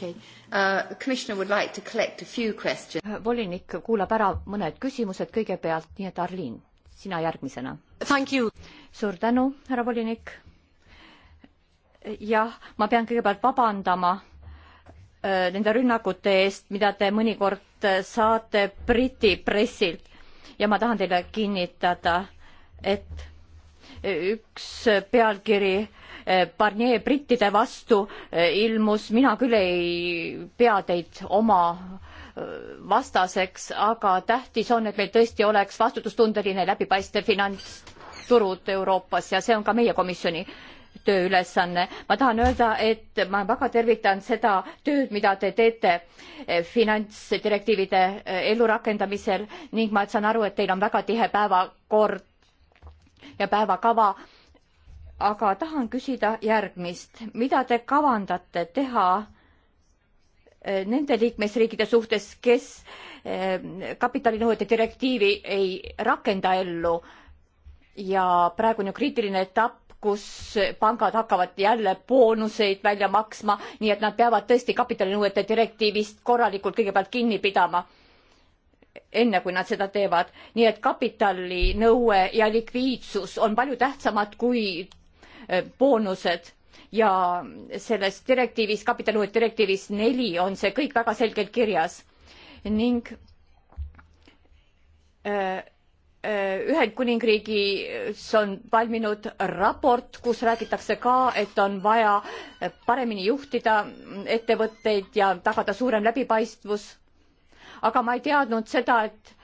Okay. Uh, like volinik kuulab ära mõned küsimused kõigepealt, nii et Arlin sina järgmisena. suur tänu, härra volinik. jah, ma pean kõigepealt vabandama äh, nende rünnakute eest, mida te mõnikord äh, saate Briti pressilt ja ma tahan teile kinnitada, et äh, üks pealkiri Barnier brittide vastu ilmus, mina küll ei pea teid oma vastaseks, aga tähtis on, et meil tõesti oleks vastutustundeline läbipaistev finantsturud Euroopas ja see on ka meie komisjoni tööülesanne. ma tahan öelda, et ma väga tervitan seda tööd, mida te teete eh, finantsdirektiivide eh, ellurakendamisel ning ma saan aru, et teil on väga tihe päevakord ja päevakava. aga tahan küsida järgmist, mida te kavandate teha Äh, nende liikmesriikide suhtes, kes äh, kapitalinõuete direktiivi ei rakenda ellu ja praegu on ju kriitiline etapp, kus pangad hakkavad jälle boonuseid välja maksma, nii et nad peavad tõesti kapitalinõuete direktiivist korralikult kõigepealt kinni pidama, enne kui nad seda teevad. nii et kapitalinõue ja likviidsus on palju tähtsamad kui äh, boonused ja selles direktiivis, kapitaliuue direktiivis neli on see kõik väga selgelt kirjas ning äh, äh, Ühendkuningriigis on valminud raport, kus räägitakse ka, et on vaja paremini juhtida ettevõtteid ja tagada suurem läbipaistvus. aga ma ei teadnud seda, et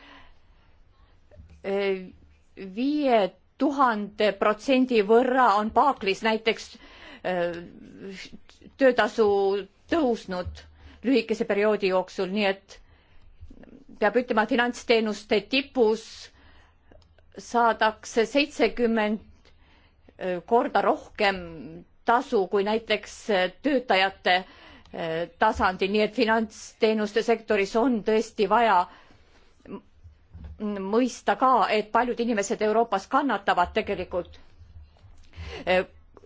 äh, viie tuhande protsendi võrra on Barclays näiteks Äh, töötasu tõusnud lühikese perioodi jooksul, nii et peab ütlema, et finantsteenuste tipus saadakse seitsekümmend äh, korda rohkem tasu kui näiteks äh, töötajate tasandil, nii et finantsteenuste sektoris on tõesti vaja mõista ka, et paljud inimesed Euroopas kannatavad tegelikult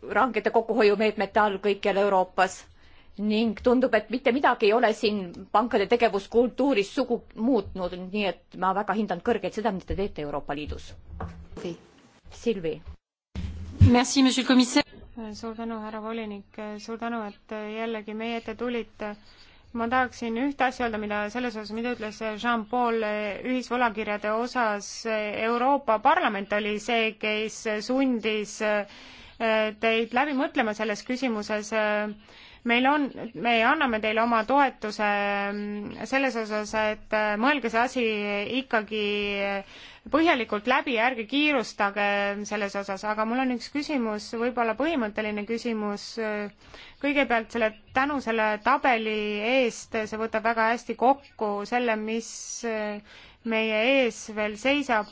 rangete kokkuhoiumeetmete all kõikjal Euroopas ning tundub, et mitte midagi ei ole siin pankade tegevuskultuuris sugu muutnud, nii et ma väga hindan kõrgelt seda, mida te teete Euroopa Liidus. Silvi. suur tänu, härra volinik, suur tänu, et jällegi meie ette tulite ma tahaksin ühte asja öelda, mida selles osas, mida ütles Jean-Paul eh, ühisvõlakirjade osas, eh, Euroopa Parlament oli see, kes sundis äh, teid läbi mõtlema selles küsimuses. meil on, me anname teile oma toetuse selles osas, et mõelge see asi ikkagi põhjalikult läbi, ärge kiirustage selles osas, aga mul on üks küsimus, võib-olla põhimõtteline küsimus. kõigepealt selle, tänu selle tabeli eest, see võtab väga hästi kokku selle, mis meie ees veel seisab,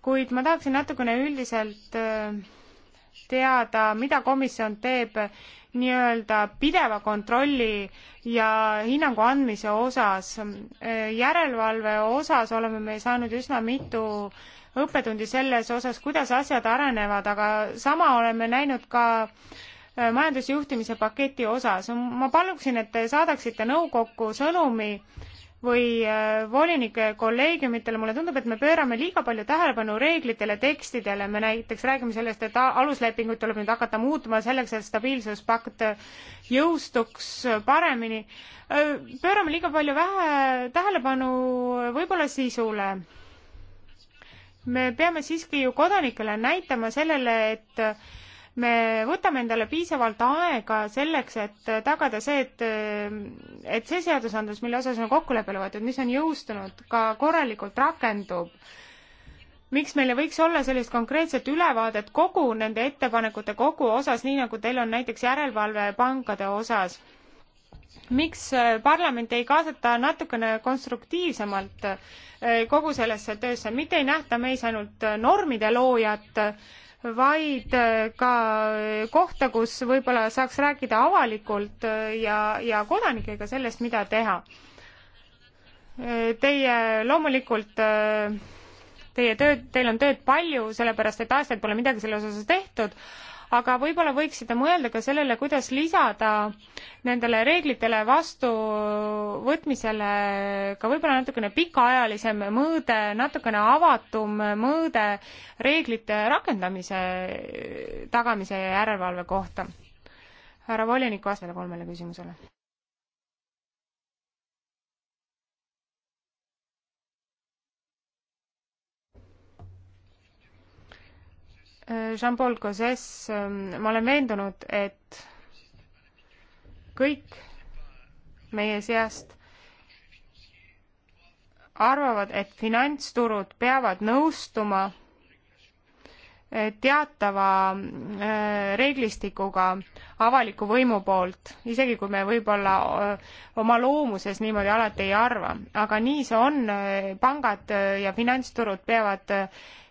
kuid ma tahaksin natukene üldiselt äh, teada, mida komisjon teeb nii-öelda pideva kontrolli ja hinnangu andmise osas. järelevalve osas oleme me saanud üsna mitu õppetundi selles osas, kuidas asjad arenevad, aga sama oleme näinud ka äh, majandusjuhtimise paketi osas. ma paluksin, et te saadaksite nõukokku sõnumi, või äh, volinike kolleegiumitele, mulle tundub, et me pöörame liiga palju tähelepanu reeglitele, tekstidele, me näiteks räägime sellest, et aluslepinguid tuleb nüüd hakata muutma selleks, et stabiilsuspakt jõustuks paremini. Äh, pöörame liiga palju vähe tähelepanu võib-olla sisule. me peame siiski ju kodanikele näitama sellele, et me võtame endale piisavalt aega selleks, et tagada see, et, et see seadusandlus, mille osas on kokkuleppele võetud, mis on jõustunud, ka korralikult rakendub. miks meil ei võiks olla sellist konkreetset ülevaadet kogu nende ettepanekute kogu osas, nii nagu teil on näiteks järelevalve pankade osas? miks äh, parlament ei kaasata natukene konstruktiivsemalt äh, kogu sellesse töösse, mitte ei nähta meis ainult äh, normide loojat, vaid äh, ka kohta, kus võib-olla saaks rääkida avalikult äh, ja, ja kodanikega sellest, mida teha. Teie loomulikult, äh, teie tööd, teil on tööd palju, sellepärast et aastaid pole midagi selles osas tehtud aga võib-olla võiksite mõelda ka sellele, kuidas lisada nendele reeglitele vastuvõtmisele ka võib-olla natukene pikaajalisem mõõde, natukene avatum mõõde reeglite rakendamise tagamise ja järelevalve kohta. härra volinik, vastake kolmele küsimusele Jean-Paul Gauzes, ähm, ma olen veendunud, et kõik meie seast arvavad, et finantsturud peavad nõustuma äh, teatava äh, reeglistikuga avaliku võimu poolt, isegi kui me võib-olla äh, oma loomuses niimoodi alati ei arva, aga nii see on, pangad ja finantsturud peavad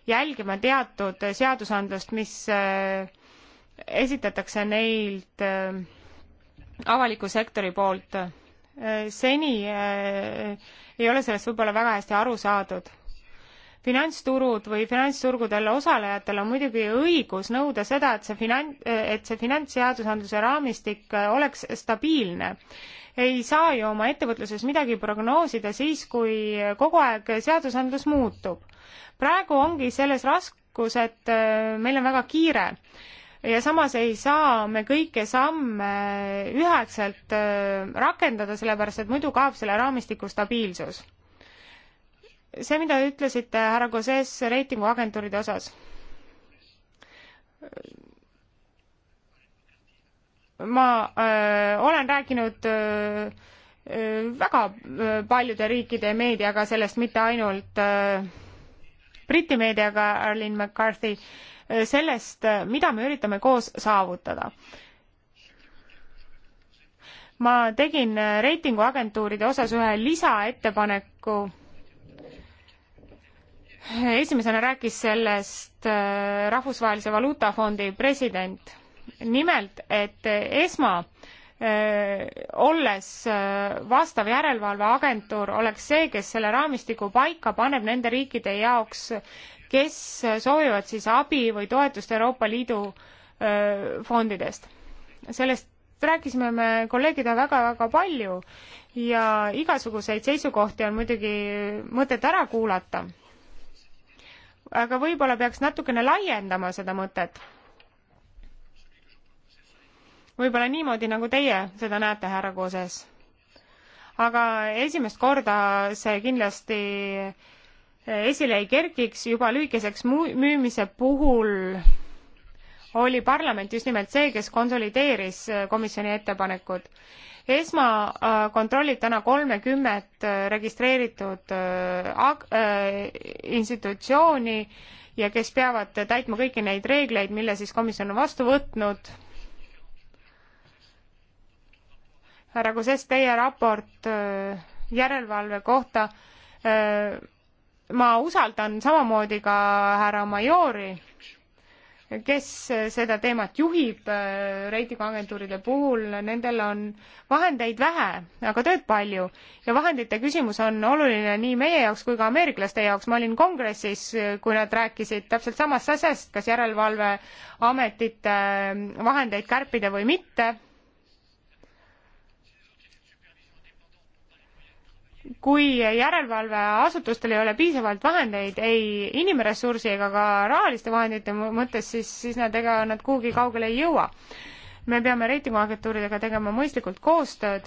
jälgima teatud seadusandlust, mis äh, esitatakse neilt äh, avaliku sektori poolt. Äh, seni ei ole sellest võib-olla väga hästi aru saadud finantsturud või finantsturgudel osalejatel on muidugi õigus nõuda seda, et see finan-, et see finantsseadusandluse raamistik oleks stabiilne. ei saa ju oma ettevõtluses midagi prognoosida siis, kui kogu aeg seadusandlus muutub praegu ongi selles raskus, et äh, meil on väga kiire ja samas ei saa me kõiki samme üheselt äh, rakendada, sellepärast et muidu kaob selle raamistiku stabiilsus. see, mida te ütlesite härra Gozes reitinguagentuuride osas, ma öö, äh, olen rääkinud öö, väga paljude riikide meediaga sellest, mitte ainult öö, Briti meediaga Arlene McCarthy äh, sellest, äh, mida me üritame koos saavutada. ma tegin äh, reitinguagentuuride osas ühe lisaettepaneku. esimesena rääkis sellest Rahvusvahelise Valuutafondi president. nimelt, et esma Äh, olles äh, vastav järelevalveagentuur, oleks see, kes selle raamistiku paika paneb nende riikide jaoks, kes soovivad siis abi või toetust Euroopa Liidu äh, fondidest. sellest rääkisime me kolleegidega väga-väga palju ja igasuguseid seisukohti on muidugi mõtet ära kuulata. aga võib-olla peaks natukene laiendama seda mõtet võib-olla niimoodi, nagu teie seda näete, härra Kooses. aga esimest korda see kindlasti eh, esile ei kerkiks, juba lühikeseks müümise puhul oli parlament just nimelt see, kes konsolideeris eh, komisjoni ettepanekud. ESMA eh, kontrollib täna kolmekümmet registreeritud institutsiooni ja kes peavad täitma kõiki neid reegleid, mille siis komisjon on vastu võtnud härra Kuzes, teie raport äh, järelevalve kohta, äh, ma usaldan samamoodi ka härra Majori, kes äh, seda teemat juhib reitinguagentuuride puhul, nendel on vahendeid vähe, aga tööd palju. ja vahendite küsimus on oluline nii meie jaoks kui ka ameeriklaste jaoks. ma olin kongressis, kui nad rääkisid täpselt samast asjast, kas järelevalveametite vahendeid kärpida või mitte kui järelevalveasutustel ei ole piisavalt vahendeid ei inimressursi ega ka rahaliste vahendite mõttes, siis, siis nad, ega nad kuhugi kaugele ei jõua. me peame reitinguagentuuridega tegema mõistlikult koostööd.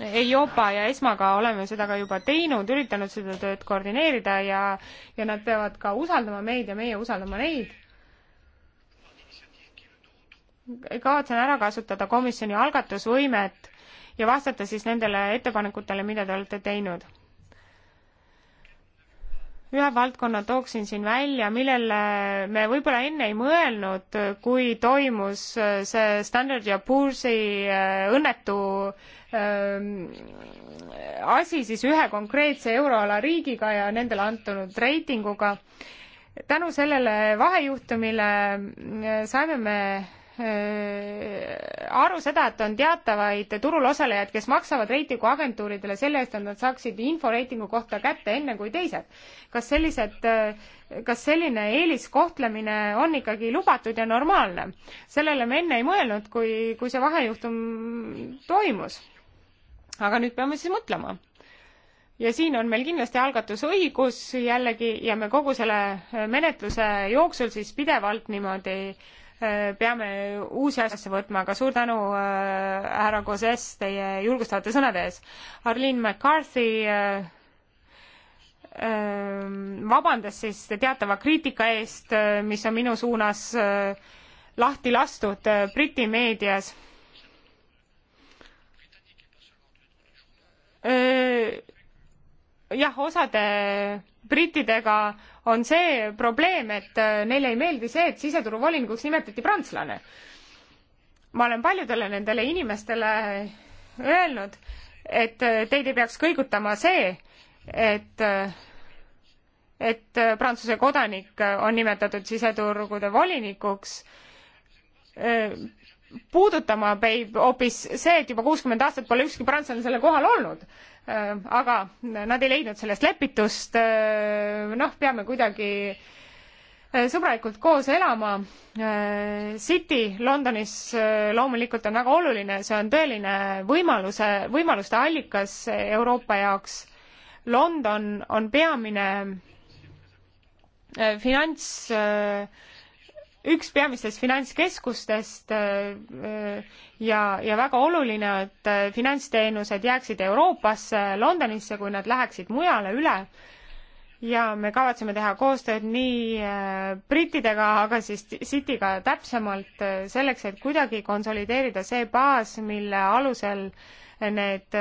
EIOPA ja ESMAga oleme seda ka juba teinud, üritanud seda tööd koordineerida ja, ja nad peavad ka usaldama meid ja meie usaldama neid kavatsen ära kasutada komisjoni algatusvõimet ja vastata siis nendele ettepanekutele, mida te olete teinud. ühe valdkonna tooksin siin välja, millele me võib-olla enne ei mõelnud, kui toimus äh, see Standard ja Poorsi äh, õnnetu ähm, asi siis ühe konkreetse euroala riigiga ja nendele antunud reitinguga. tänu sellele vahejuhtumile äh, saime me Äh, aru seda, et on teatavaid turul osalejaid, kes maksavad reitinguagentuuridele selle eest, et nad saaksid info reitingu kohta kätte enne kui teised. kas sellised, äh, kas selline eeliskohtlemine on ikkagi lubatud ja normaalne? sellele me enne ei mõelnud, kui, kui see vahejuhtum toimus. aga nüüd peame siis mõtlema ja siin on meil kindlasti algatusõigus jällegi ja me kogu selle menetluse jooksul siis pidevalt niimoodi äh, Äh, peame uusi asjasse võtma, aga suur tänu äh,, härra Gozes, teie julgustavate sõnade ees. Arlene McCarthy äh, äh, vabandas siis teatava kriitika eest, äh, mis on minu suunas äh, lahti lastud Briti meedias jah, osade brittidega on see probleem, et äh, neile ei meeldi see, et siseturuvolinikuks nimetati prantslane. ma olen paljudele nendele inimestele öelnud, et äh, teid ei peaks kõigutama see, et äh, et Prantsuse kodanik on nimetatud siseturgude volinikuks puudutama peab hoopis see, et juba kuuskümmend aastat pole ükski prantslane sellel kohal olnud. Äh, aga nad ei leidnud sellest lepitust, äh, noh, peame kuidagi äh, sõbralikult koos elama. City Londonis loomulikult on väga oluline, see on tõeline võimaluse, võimaluste allikas Euroopa jaoks. London on peamine finants äh, üks peamistest finantskeskustest äh, ja, ja väga oluline, et äh, finantsteenused jääksid Euroopasse, Londonisse, kui nad läheksid mujale üle. ja me kavatseme teha koostööd nii äh, brittidega, aga siis Cityga täpsemalt selleks, et kuidagi konsolideerida see baas, mille alusel need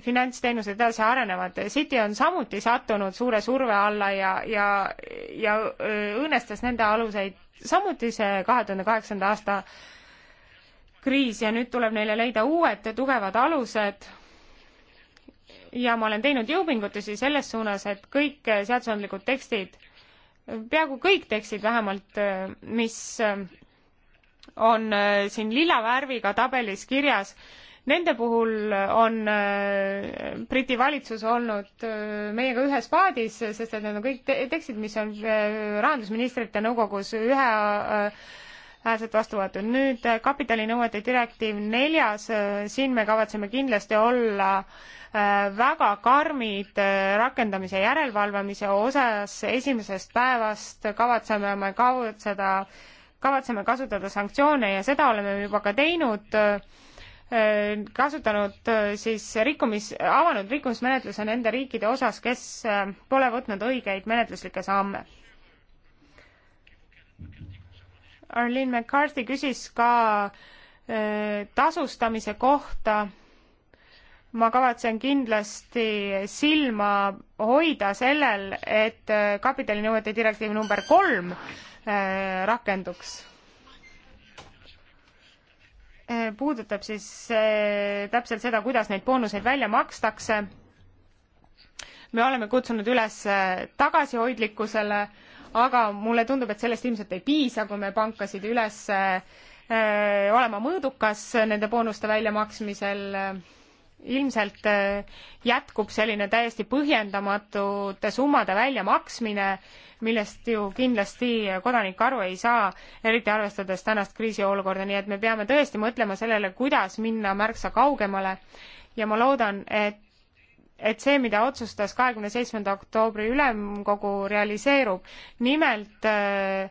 finantsteenused edasi arenevad. City on samuti sattunud suure surve alla ja, ja, ja õõnestas nende aluseid samuti see kahe tuhande kaheksanda aasta kriis ja nüüd tuleb neile leida uued tugevad alused ja ma olen teinud jõupingutusi selles suunas, et kõik seadusandlikud tekstid, peaaegu kõik tekstid vähemalt, mis on äh, siin lilla värviga tabelis kirjas, Nende puhul on äh, Briti valitsus olnud äh, meiega ühes paadis, sest et need on kõik tekstid, mis on äh, rahandusministrite nõukogus ühe äärselt vastu võetud. nüüd kapitalinõuete direktiiv neljas, siin me kavatseme kindlasti olla väga karmid rakendamise järelevalvamise osas, esimesest päevast kavatseme me kavatseda, kavatseme kasutada sanktsioone ja seda oleme juba ka teinud Äh, kasutanud äh, siis rikkumis, avanud rikkumismenetluse nende riikide osas, kes äh, pole võtnud õigeid menetluslikke samme. Arlene McCarthy küsis ka tasustamise kohta. ma kavatsen kindlasti silma hoida sellel, et kapitalinõuete direktiiv number kolm rakenduks Äh, puudutab siis äh, täpselt seda, kuidas neid boonuseid välja makstakse. me oleme kutsunud üles äh, tagasihoidlikkusele, aga mulle tundub, et sellest ilmselt ei piisa, kui me pankasid üles olema mõõdukas nende boonuste väljamaksmisel ilmselt äh, jätkub selline täiesti põhjendamatute summade väljamaksmine, millest ju kindlasti kodanik aru ei saa, eriti arvestades tänast kriisiolukorda, nii et me peame tõesti mõtlema sellele, kuidas minna märksa kaugemale ja ma loodan, et et see, mida otsustas kahekümne seitsmenda oktoobri ülemkogu, realiseerub. nimelt äh,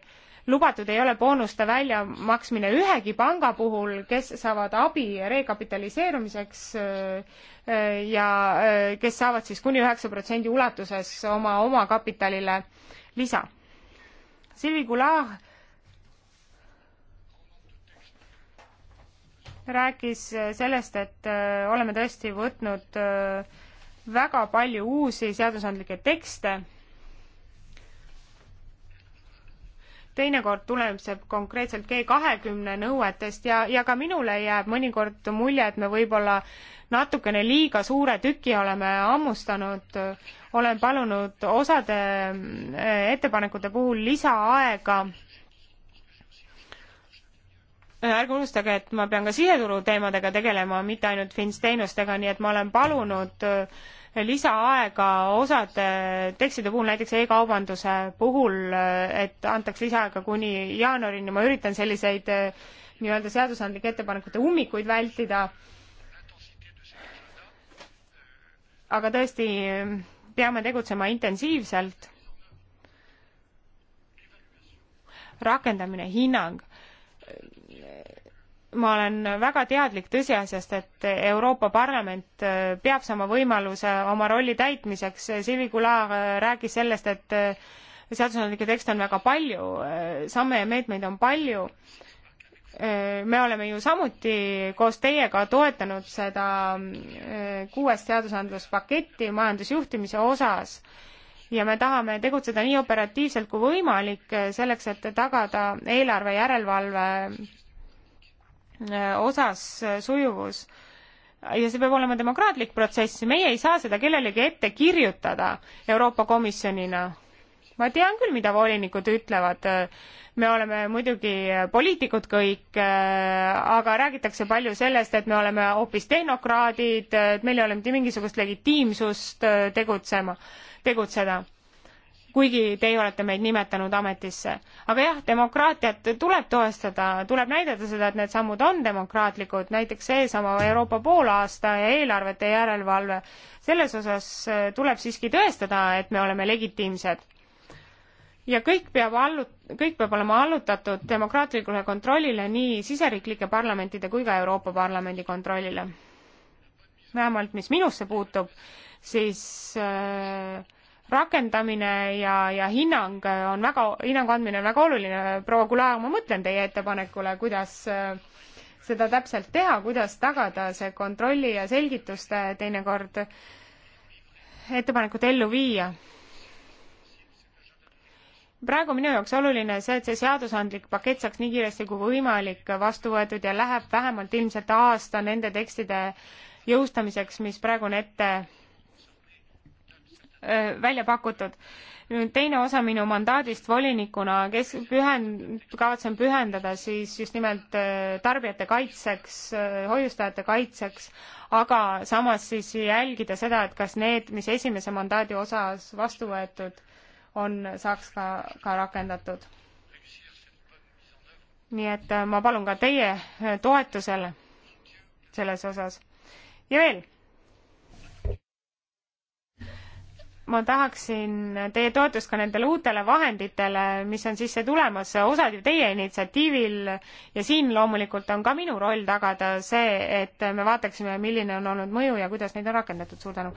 lubatud ei ole boonuste väljamaksmine ühegi panga puhul, kes saavad abi rekapitaliseerumiseks äh, äh, ja äh, kes saavad siis kuni üheksa protsendi ulatuses oma omakapitalile lisa. Silvi Gular rääkis sellest, et oleme tõesti võtnud väga palju uusi seadusandlikke tekste teinekord tuleb see konkreetselt G kahekümne nõuetest ja, ja ka minule jääb mõnikord mulje, et me võib-olla natukene liiga suure tüki oleme hammustanud, olen palunud osade eh, ettepanekute puhul lisaaega. Eh, ärge unustage, et ma pean ka siseturu teemadega tegelema, mitte ainult finsteenustega, nii et ma olen palunud äh, lisaaega osade äh, tekstide puhul, näiteks e-kaubanduse puhul, äh, et antaks lisaaega kuni jaanuarini, ma üritan selliseid äh, nii-öelda seadusandlike ettepanekute ummikuid vältida. aga tõesti, peame tegutsema intensiivselt rakendamine, hinnang ma olen väga teadlik tõsiasjast, et Euroopa Parlament äh, peab saama võimaluse oma rolli täitmiseks, Silvi Kular äh, rääkis sellest, et äh, seadusandlikke tekste on väga palju, samme ja meetmeid on palju, me oleme ju samuti koos teiega toetanud seda kuuest seadusandluspaketti majandusjuhtimise osas ja me tahame tegutseda nii operatiivselt kui võimalik, selleks et tagada eelarve järelevalve osas sujuvus ja see peab olema demokraatlik protsess ja meie ei saa seda kellelegi ette kirjutada Euroopa Komisjonina. ma tean küll, mida volinikud ütlevad, me oleme muidugi poliitikud kõik, aga räägitakse palju sellest, et me oleme hoopis tehnokraadid, et meil ei ole mitte mingisugust legitiimsust tegutsema, tegutseda kuigi teie olete meid nimetanud ametisse. aga jah, demokraatiat tuleb toestada, tuleb näidata seda, et need sammud on demokraatlikud, näiteks seesama Euroopa poolaasta ja eelarvete järelevalve, selles osas äh, tuleb siiski tõestada, et me oleme legitiimsed. ja kõik peab allu-, kõik peab olema allutatud demokraatlikule kontrollile nii siseriiklike parlamentide kui ka Euroopa Parlamendi kontrollile. vähemalt mis minusse puutub, siis äh, rakendamine ja, ja hinnang on väga, hinnangu andmine on väga oluline. proua Kulaar, ma mõtlen teie ettepanekule, kuidas äh, seda täpselt teha, kuidas tagada see kontrolli ja selgituste teinekord ettepanekut ellu viia. praegu minu jaoks oluline see, et see seadusandlik pakett saaks nii kiiresti kui võimalik vastu võetud ja läheb vähemalt ilmselt aasta nende tekstide jõustamiseks, mis praegu on ette välja pakutud. nüüd teine osa minu mandaadist volinikuna, kes pühen-, kavatsen pühendada siis just nimelt tarbijate kaitseks, hoiustajate kaitseks, aga samas siis jälgida seda, et kas need, mis esimese mandaadi osas vastu võetud on, saaks ka, ka rakendatud. nii et ma palun ka teie toetusele selles osas. ja veel ma tahaksin teie toetust ka nendele uutele vahenditele, mis on sisse tulemas, osad ju teie initsiatiivil ja siin loomulikult on ka minu roll tagada see, et me vaataksime, milline on olnud mõju ja kuidas neid on rakendatud, suur tänu!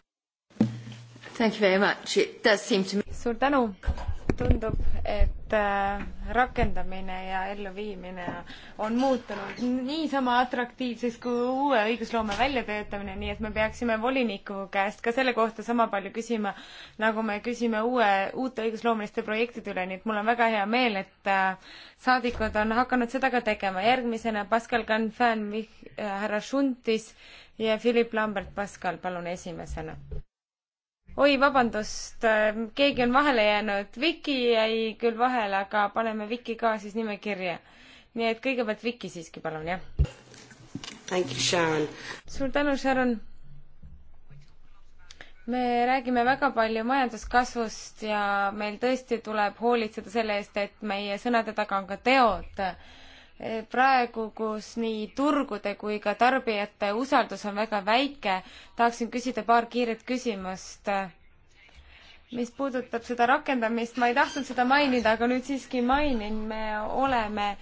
suur tänu! tundub, et äh, rakendamine ja elluviimine on muutunud niisama atraktiivseks kui uue õigusloome väljatöötamine, nii et me peaksime voliniku käest ka selle kohta sama palju küsima, nagu me küsime uue, uute õigusloomeliste projektide üle, nii et mul on väga hea meel, et äh, saadikud on hakanud seda ka tegema. järgmisena Pascal Canfin, äh, härra Šuntis ja Philip Lambert Pascal, palun esimesena oi, vabandust, äh, keegi on vahele jäänud, Viki jäi küll vahele, aga paneme Viki ka siis nimekirja. nii et kõigepealt Viki siiski, palun, jah. suur tänu, Sharon. me räägime väga palju majanduskasvust ja meil tõesti tuleb hoolitseda selle eest, et meie sõnade taga on ka teod praegu, kus nii turgude kui ka tarbijate usaldus on väga väike, tahaksin küsida paar kiiret küsimust. mis puudutab seda rakendamist, ma ei tahtnud seda mainida, aga nüüd siiski mainin, me oleme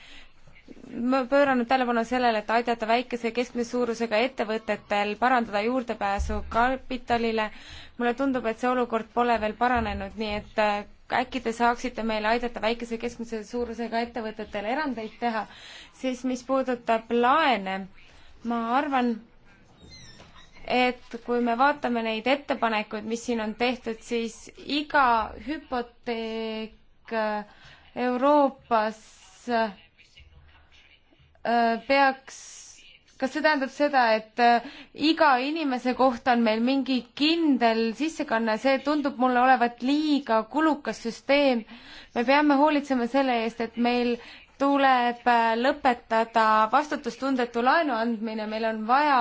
pööranud tähelepanu sellele, et aidata väikese ja keskmise suurusega ettevõtetel parandada juurdepääsu kapitalile. mulle tundub, et see olukord pole veel paranenud, nii et äkki te saaksite meil aidata väikese keskmise suurusega ettevõtetele erandeid teha, siis mis puudutab laene, ma arvan, et kui me vaatame neid ettepanekuid, mis siin on tehtud, siis iga hüpoteek äh, Euroopas äh, peaks kas see tähendab seda, et äh, iga inimese kohta on meil mingi kindel sissekanne, see tundub mulle olevat liiga kulukas süsteem. me peame hoolitsema selle eest, et meil tuleb äh, lõpetada vastutustundetu laenu andmine, meil on vaja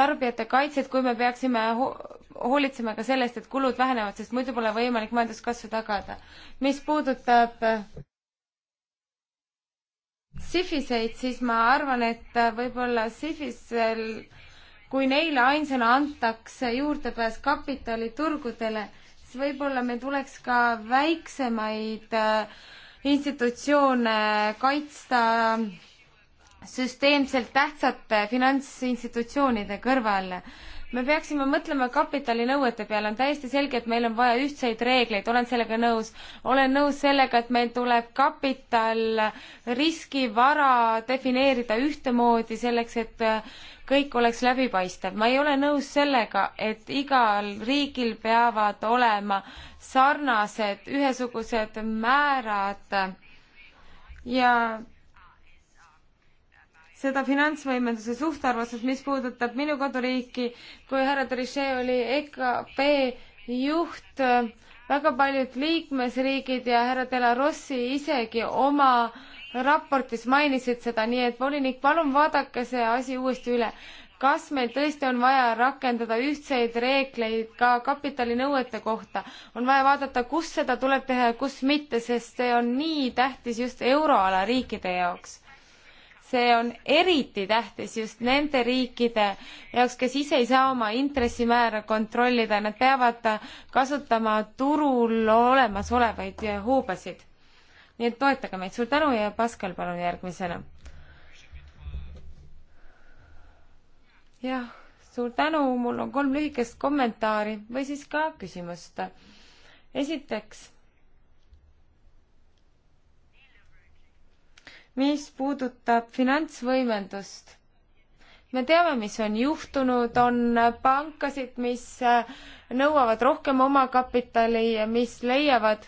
tarbijate kaitset, kui me peaksime ho hoolitsema ka sellest, et kulud vähenevad, sest muidu pole võimalik majanduskasvu tagada. mis puudutab äh, Sifiseid, siis ma arvan, et võib-olla Sifisel, kui neile ainsana antakse juurdepääs kapitaliturgudele, siis võib-olla meil tuleks ka väiksemaid äh, institutsioone kaitsta süsteemselt tähtsate finantsinstitutsioonide kõrval me peaksime mõtlema kapitalinõuete peale, on täiesti selge, et meil on vaja ühtseid reegleid, olen sellega nõus. olen nõus sellega, et meil tuleb kapital, riskivara defineerida ühtemoodi selleks, et äh, kõik oleks läbipaistev. ma ei ole nõus sellega, et igal riigil peavad olema sarnased ühesugused määrad ja seda finantsvõimenduse suhtarvustust, mis puudutab minu koduriiki, kui härra Trichet oli EKP juht, väga paljud liikmesriigid ja härra De La Rossi isegi oma raportis mainisid seda, nii et volinik, palun vaadake see asi uuesti üle. kas meil tõesti on vaja rakendada ühtseid reegleid ka kapitalinõuete kohta? on vaja vaadata, kus seda tuleb teha ja kus mitte, sest see on nii tähtis just euroala riikide jaoks see on eriti tähtis just nende riikide jaoks, kes ise ei saa oma intressimäära kontrollida, nad peavad kasutama turul olemasolevaid hoobasid. nii et toetage meid, suur tänu ja Pascal, palun järgmisena. jah, suur tänu, mul on kolm lühikest kommentaari või siis ka küsimust. esiteks mis puudutab finantsvõimendust. me teame, mis on juhtunud, on pankasid, mis äh, nõuavad rohkem omakapitali ja mis leiavad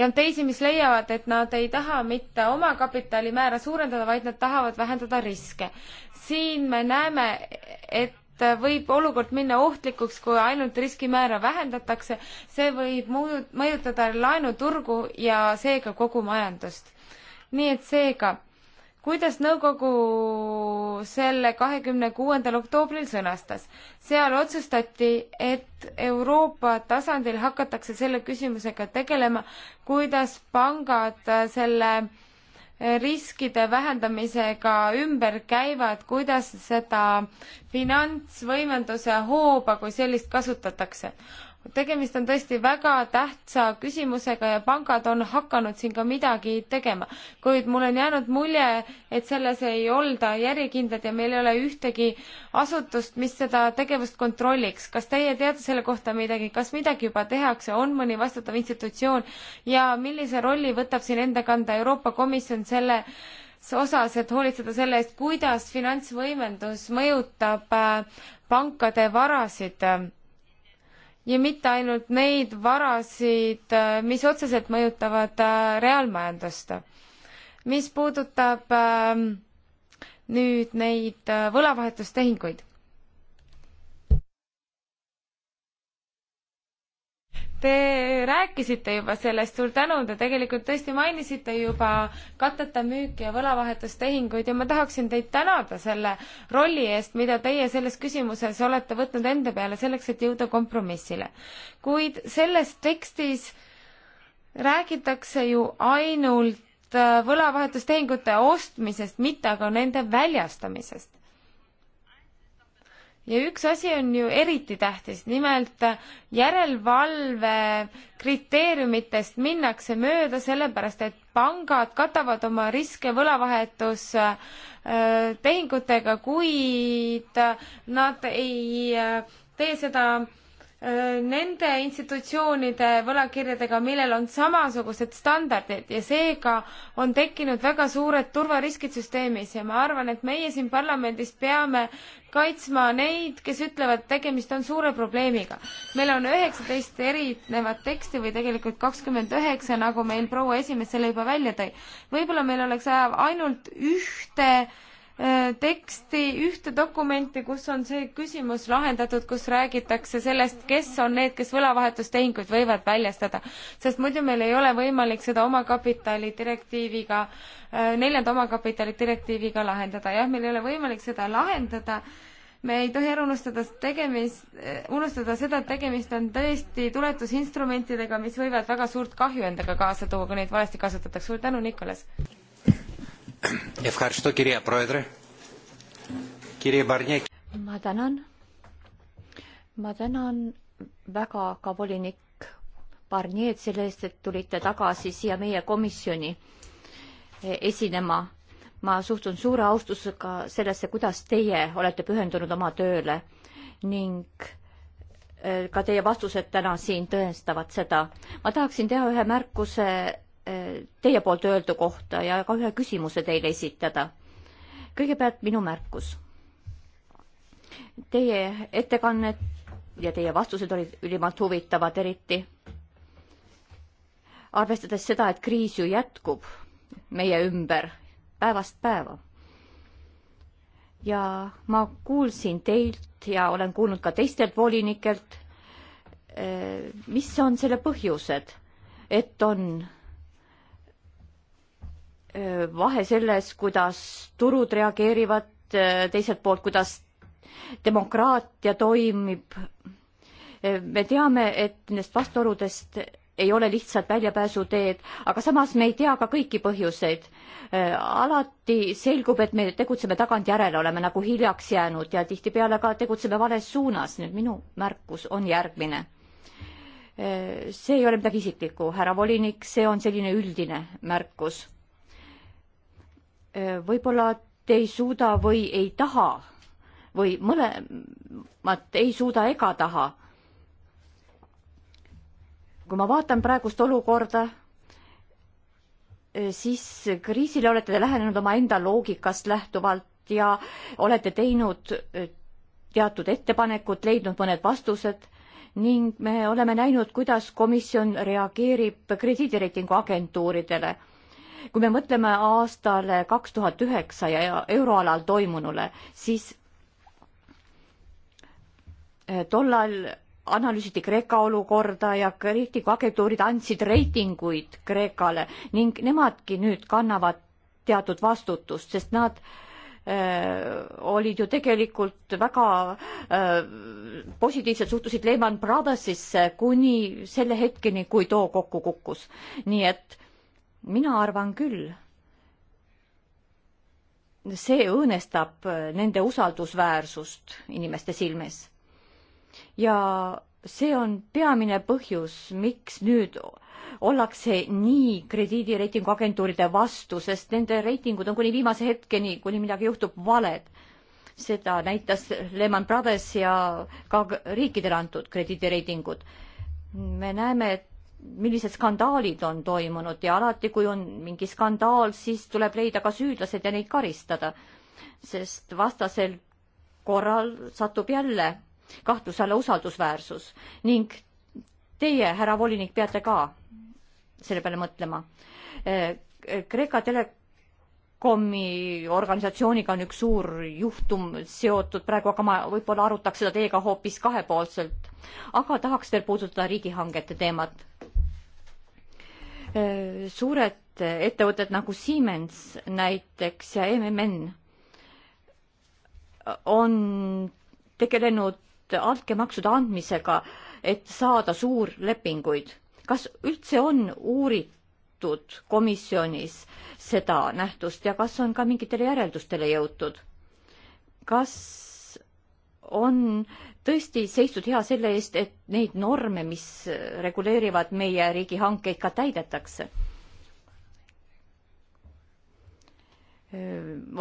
ja on teisi, mis leiavad, et nad ei taha mitte omakapitali määra suurendada, vaid nad tahavad vähendada riske. siin me näeme, et võib olukord minna ohtlikuks, kui ainult riskimäära vähendatakse, see võib mõjutada laenuturgu ja seega kogu majandust nii et seega, kuidas nõukogu selle kahekümne kuuendal oktoobril sõnastas? seal otsustati, et Euroopa tasandil hakatakse selle küsimusega tegelema, kuidas pangad selle riskide vähendamisega ümber käivad, kuidas seda finantsvõimenduse hooba kui sellist kasutatakse tegemist on tõesti väga tähtsa küsimusega ja pangad on hakanud siin ka midagi tegema, kuid mul on jäänud mulje, et selles ei olda järjekindlad ja meil ei ole ühtegi asutust, mis seda tegevust kontrolliks. kas teie teate selle kohta midagi, kas midagi juba tehakse, on mõni vastutav institutsioon ja millise rolli võtab siin enda kanda Euroopa Komisjon selle osas, et hoolitseda selle eest, kuidas finantsvõimendus mõjutab äh, pankade varasid ja mitte ainult neid varasid, äh, mis otseselt mõjutavad äh, reaalmajandust. mis puudutab ähm, nüüd neid äh, võlavahetustehinguid, Te rääkisite juba sellest, suur tänu, te tegelikult tõesti mainisite juba katteta müüki ja võlavahetustehinguid ja ma tahaksin teid tänada selle rolli eest, mida teie selles küsimuses olete võtnud enda peale selleks, et jõuda kompromissile. kuid selles tekstis räägitakse ju ainult äh, võlavahetustehingute ostmisest, mitte aga nende väljastamisest ja üks asi on ju eriti tähtis, nimelt järelevalve kriteeriumitest minnakse mööda, sellepärast et pangad katavad oma riske võlavahetustehingutega, äh, kuid nad ei äh, tee seda Äh, nende institutsioonide võlakirjadega, millel on samasugused standardid ja seega on tekkinud väga suured turvariskid süsteemis ja ma arvan, et meie siin parlamendis peame kaitsma neid, kes ütlevad, tegemist on suure probleemiga. meil on üheksateist erinevat teksti või tegelikult kakskümmend üheksa, nagu meil proua esimees selle juba välja tõi. võib-olla meil oleks vaja ainult ühte äh, Äh, teksti ühte dokumenti, kus on see küsimus lahendatud, kus räägitakse sellest, kes on need, kes võlavahetustehinguid võivad väljastada. sest muidu meil ei ole võimalik seda omakapitali direktiiviga, äh, neljanda omakapitali direktiiviga lahendada. jah, meil ei ole võimalik seda lahendada me ei tohi ära unustada tegemist, äh, unustada seda, et tegemist on tõesti tuletusinstrumentidega, mis võivad väga suurt kahju endaga kaasa tuua, kui neid valesti kasutatakse. suur tänu, Nikolas! ma tänan. ma tänan väga ka volinik Barnier selle eest, et tulite tagasi siia meie komisjoni eh, esinema. ma suhtun suure austusega sellesse, kuidas teie olete pühendunud oma tööle ning eh, ka teie vastused täna siin tõestavad seda. ma tahaksin teha ühe märkuse teie poolt öeldu kohta ja ka ühe küsimuse teile esitada. kõigepealt minu märkus. Teie ettekannet ja teie vastused olid ülimalt huvitavad, eriti arvestades seda, et kriis ju jätkub meie ümber päevast päeva. ja ma kuulsin teilt ja olen kuulnud ka teistelt volinikelt, eh, mis on selle põhjused, et on vahe selles, kuidas turud reageerivad, teiselt poolt, kuidas demokraatia toimib. me teame, et nendest vastuoludest ei ole lihtsalt väljapääsuteed, aga samas me ei tea ka kõiki põhjuseid. alati selgub, et me tegutseme tagantjärele, oleme nagu hiljaks jäänud ja tihtipeale ka tegutseme vales suunas. nüüd minu märkus on järgmine. see ei ole midagi isiklikku, härra volinik, see on selline üldine märkus võib-olla te ei suuda või ei taha või mõlemad ei suuda ega taha. kui ma vaatan praegust olukorda, siis kriisile olete te lähenenud omaenda loogikast lähtuvalt ja olete teinud teatud ettepanekud, leidnud mõned vastused ning me oleme näinud, kuidas komisjon reageerib krediidireitingu agentuuridele kui me mõtleme aastale kaks tuhat üheksa ja e-, euroalal toimunule, siis e, tollal analüüsiti Kreeka olukorda ja reitingu agentuurid andsid reitinguid Kreekale ning nemadki nüüd kannavad teatud vastutust, sest nad äh, olid ju tegelikult väga äh, positiivselt suhtusid Lehman Brothersisse kuni selle hetkeni, kui too kokku kukkus. nii et äh, mina arvan küll. see õõnestab nende usaldusväärsust inimeste silmis. ja see on peamine põhjus, miks nüüd ollakse nii krediidireitingu agentuuride vastu, sest nende reitingud on kuni viimase hetkeni, kuni midagi juhtub, valed. seda näitas Lehman Brothers ja ka riikidele antud krediidireitingud. me näeme, et millised skandaalid on toimunud ja alati, kui on mingi skandaal, siis tuleb leida ka süüdlased ja neid karistada. sest vastasel korral satub jälle kahtluse alla usaldusväärsus ning teie, härra volinik, peate ka selle peale mõtlema. Eh, Kreeka tele-, Commi organisatsiooniga on üks suur juhtum seotud praegu, aga ma võib-olla arutaks seda teiega hoopis kahepoolselt. aga tahaks veel puudutada riigihangete teemat. Äh, suured ettevõtted nagu Siemens näiteks ja MMN on tegelenud altkäemaksude andmisega, et saada suurlepinguid. kas üldse on uuritud? arutatud komisjonis seda nähtust ja kas on ka mingitele järeldustele jõutud? kas on tõesti seistud hea selle eest, et neid norme, mis reguleerivad meie riigihankeid, ka täidetakse?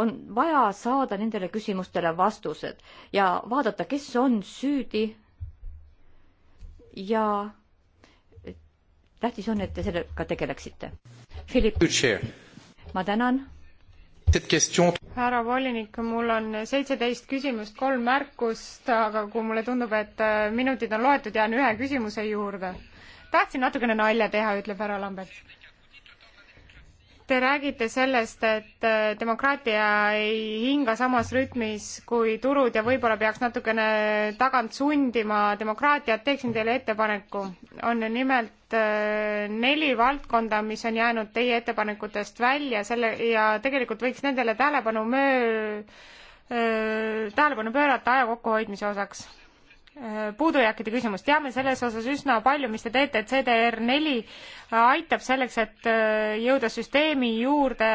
on vaja saada nendele küsimustele vastused ja vaadata, kes on süüdi ja tähtis on, et te sellega tegeleksite. Philipp. ma tänan härra volinik, mul on seitseteist küsimust, kolm märkust, aga kui mulle tundub, et äh, minutid on loetud, jään ühe küsimuse juurde. tahtsin natukene nalja teha, ütleb härra Lambert. Te räägite sellest, et äh, demokraatia ei hinga samas rütmis kui turud ja võib-olla peaks natukene tagant sundima demokraatiat. teeksin teile ettepaneku. on nimelt äh, neli valdkonda, mis on jäänud teie ettepanekutest välja selle ja tegelikult võiks nendele tähelepanu möö-, äh, tähelepanu pöörata aja kokkuhoidmise osaks puudujääkide küsimus, teame selles osas üsna palju, mis te teete, et CDR neli aitab selleks, et äh, jõuda süsteemi juurde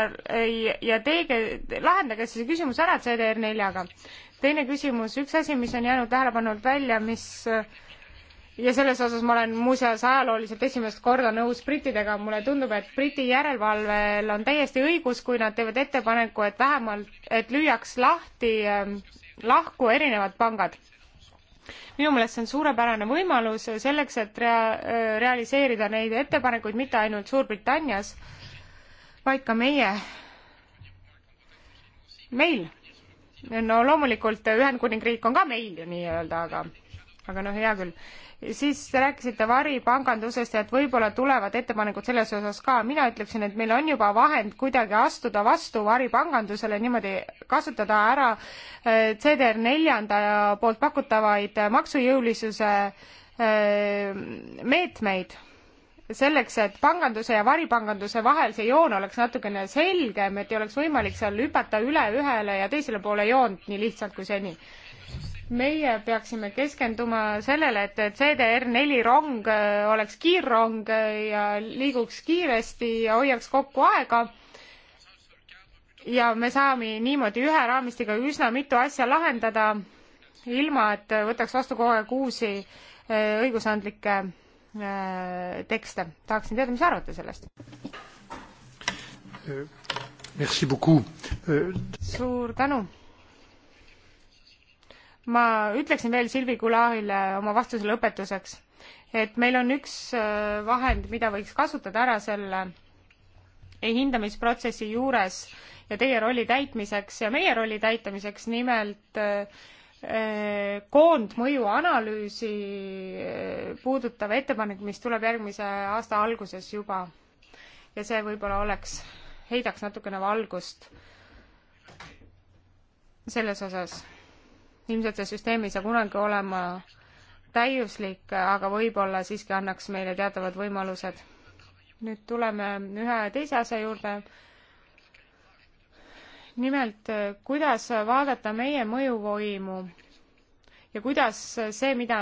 ja teege, lahendage see küsimus ära CDR neljaga. teine küsimus, üks asi, mis on jäänud tähelepanu alt välja, mis äh, ja selles osas ma olen muuseas ajalooliselt esimest korda nõus brittidega, mulle tundub, et Briti järelevalvel on täiesti õigus, kui nad teevad ettepaneku, et vähemalt, et lüüaks lahti, äh, lahku erinevad pangad minu meelest see on suurepärane võimalus selleks, et rea-, äh, realiseerida neid ettepanekuid mitte ainult Suurbritannias, vaid ka meie, meil. no loomulikult Ühendkuningriik on ka meil ju nii-öelda, aga, aga noh, hea küll siis te rääkisite varipangandusest ja et võib-olla tulevad ettepanekud selles osas ka. mina ütleksin, et meil on juba vahend kuidagi astuda vastu varipangandusele, niimoodi kasutada ära äh, CDR neljanda poolt pakutavaid maksujõulisuse äh, meetmeid selleks, et panganduse ja varipanganduse vahel see joon oleks natukene selgem, et ei oleks võimalik seal hüpata üle ühele ja teisele poole joont nii lihtsalt kui seni meie peaksime keskenduma sellele, et CDR neli rong äh, oleks kiirrong äh, ja liiguks kiiresti ja hoiaks kokku aega. ja me saame niimoodi ühe raamistiga üsna mitu asja lahendada, ilma et võtaks vastu kogu aeg uusi äh, õigusandlikke tekste. tahaksin teada, mis arvate sellest? suur tänu ma ütleksin veel Silvi Gulaile oma vastuse lõpetuseks, et meil on üks äh, vahend, mida võiks kasutada ära selle hindamisprotsessi juures ja teie rolli täitmiseks ja meie rolli täitmiseks, nimelt äh, äh, koondmõju analüüsi puudutav ettepanek, mis tuleb järgmise aasta alguses juba. ja see võib-olla oleks, heidaks natukene valgust selles osas ilmselt see süsteem ei saa kunagi olema täiuslik, aga võib-olla siiski annaks meile teatavad võimalused. nüüd tuleme ühe teise asja juurde. nimelt, kuidas vaadata meie mõjuvõimu ja kuidas see, mida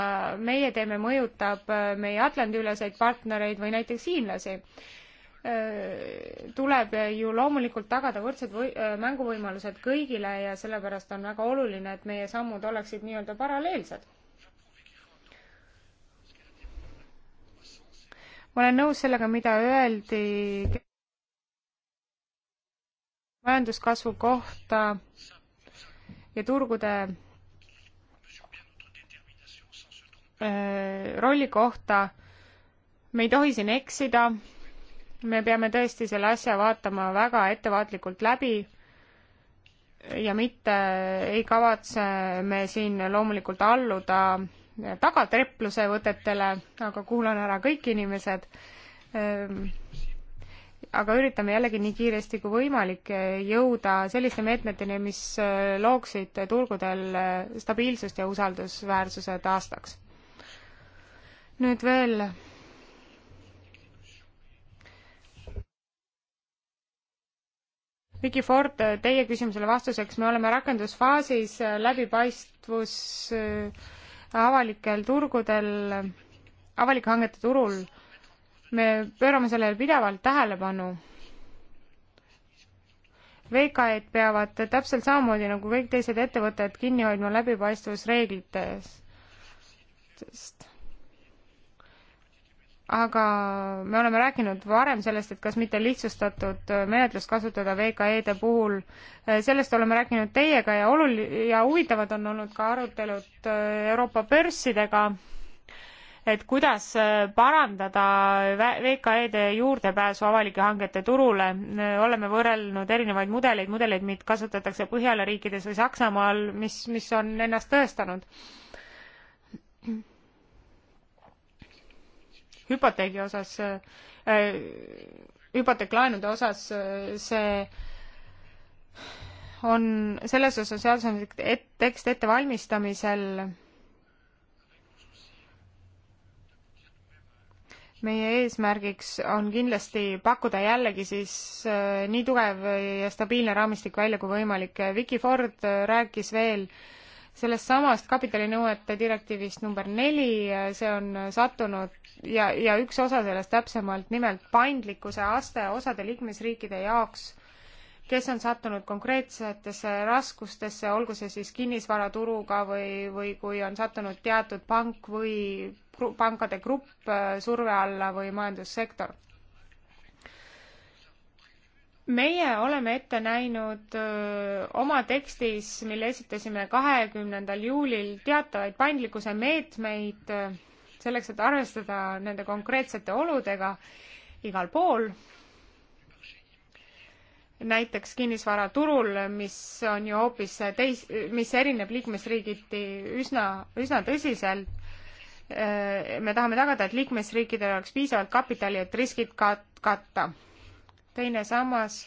meie teeme, mõjutab meie Atlandi-üleseid partnereid või näiteks hiinlasi Äh, tuleb ju loomulikult tagada võrdsed või, äh, mänguvõimalused kõigile ja sellepärast on väga oluline, et meie sammud oleksid nii-öelda paralleelsed. ma olen nõus sellega, mida öeldi majanduskasvu kohta ja turgude äh, rolli kohta. me ei tohi siin eksida me peame tõesti selle asja vaatama väga ettevaatlikult läbi ja mitte ei kavatse me siin loomulikult alluda tagatrepluse võtetele, aga kuulan ära kõik inimesed. Ehm, aga üritame jällegi nii kiiresti kui võimalik jõuda selliste meetmeteni, mis looksid turgudel stabiilsust ja usaldusväärsuse taastaks. nüüd veel Vicky Ford, teie küsimusele vastuseks, me oleme rakendusfaasis, äh, läbipaistvus äh, avalikel turgudel, avalike hangete turul, me pöörame sellele pidevalt tähelepanu. VKE-d peavad täpselt samamoodi nagu kõik teised ettevõtted kinni hoidma läbipaistvusreeglitest aga me oleme rääkinud varem sellest, et kas mitte lihtsustatud äh, menetlust kasutada VKE-de puhul. Äh, sellest oleme rääkinud teiega ja olul- ja huvitavad on olnud ka arutelud äh, Euroopa börssidega, et kuidas parandada VKE-de juurdepääsu avalike hangete turule. oleme võrrelnud erinevaid mudeleid, mudeleid, mida kasutatakse Põhjala riikides või Saksamaal, mis, mis on ennast tõestanud hüpoteegi osas äh,, hüpoteeklaenude osas äh, see on selles osas seadusandlik et, tekst ettevalmistamisel meie eesmärgiks on kindlasti pakkuda jällegi siis äh, nii tugev ja stabiilne raamistik välja kui võimalik. Vicky Ford äh, rääkis veel äh, sellest samast kapitalinõuete direktiivist number neli, see on sattunud ja, ja üks osa sellest täpsemalt, nimelt paindlikkuse aste osade liikmesriikide jaoks, kes on sattunud konkreetsetesse raskustesse, olgu see siis kinnisvaraturuga või, või kui on sattunud teatud pank või gru pankade grupp äh, surve alla või majandussektor meie oleme ette näinud öö, oma tekstis, mille esitasime kahekümnendal juulil, teatavaid paindlikkuse meetmeid öö, selleks, et arvestada nende konkreetsete oludega igal pool. näiteks kinnisvaraturul, mis on ju hoopis teis-, mis erineb liikmesriigiti üsna, üsna tõsiselt. me tahame tagada, et liikmesriikidel oleks piisavalt kapitali, et riskid kat-, katta teine sammas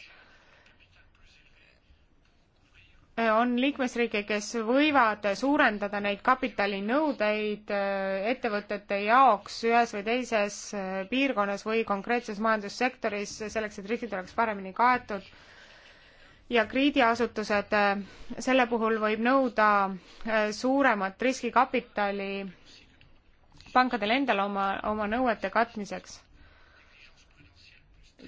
eh, on liikmesriike, kes võivad suurendada neid kapitalinõudeid eh, ettevõtete jaoks ühes või teises eh, piirkonnas või konkreetses majandussektoris, selleks et riskid oleks paremini kaetud. ja krediidiasutused, selle puhul võib nõuda suuremat riskikapitali pankadel endal oma, oma nõuete katmiseks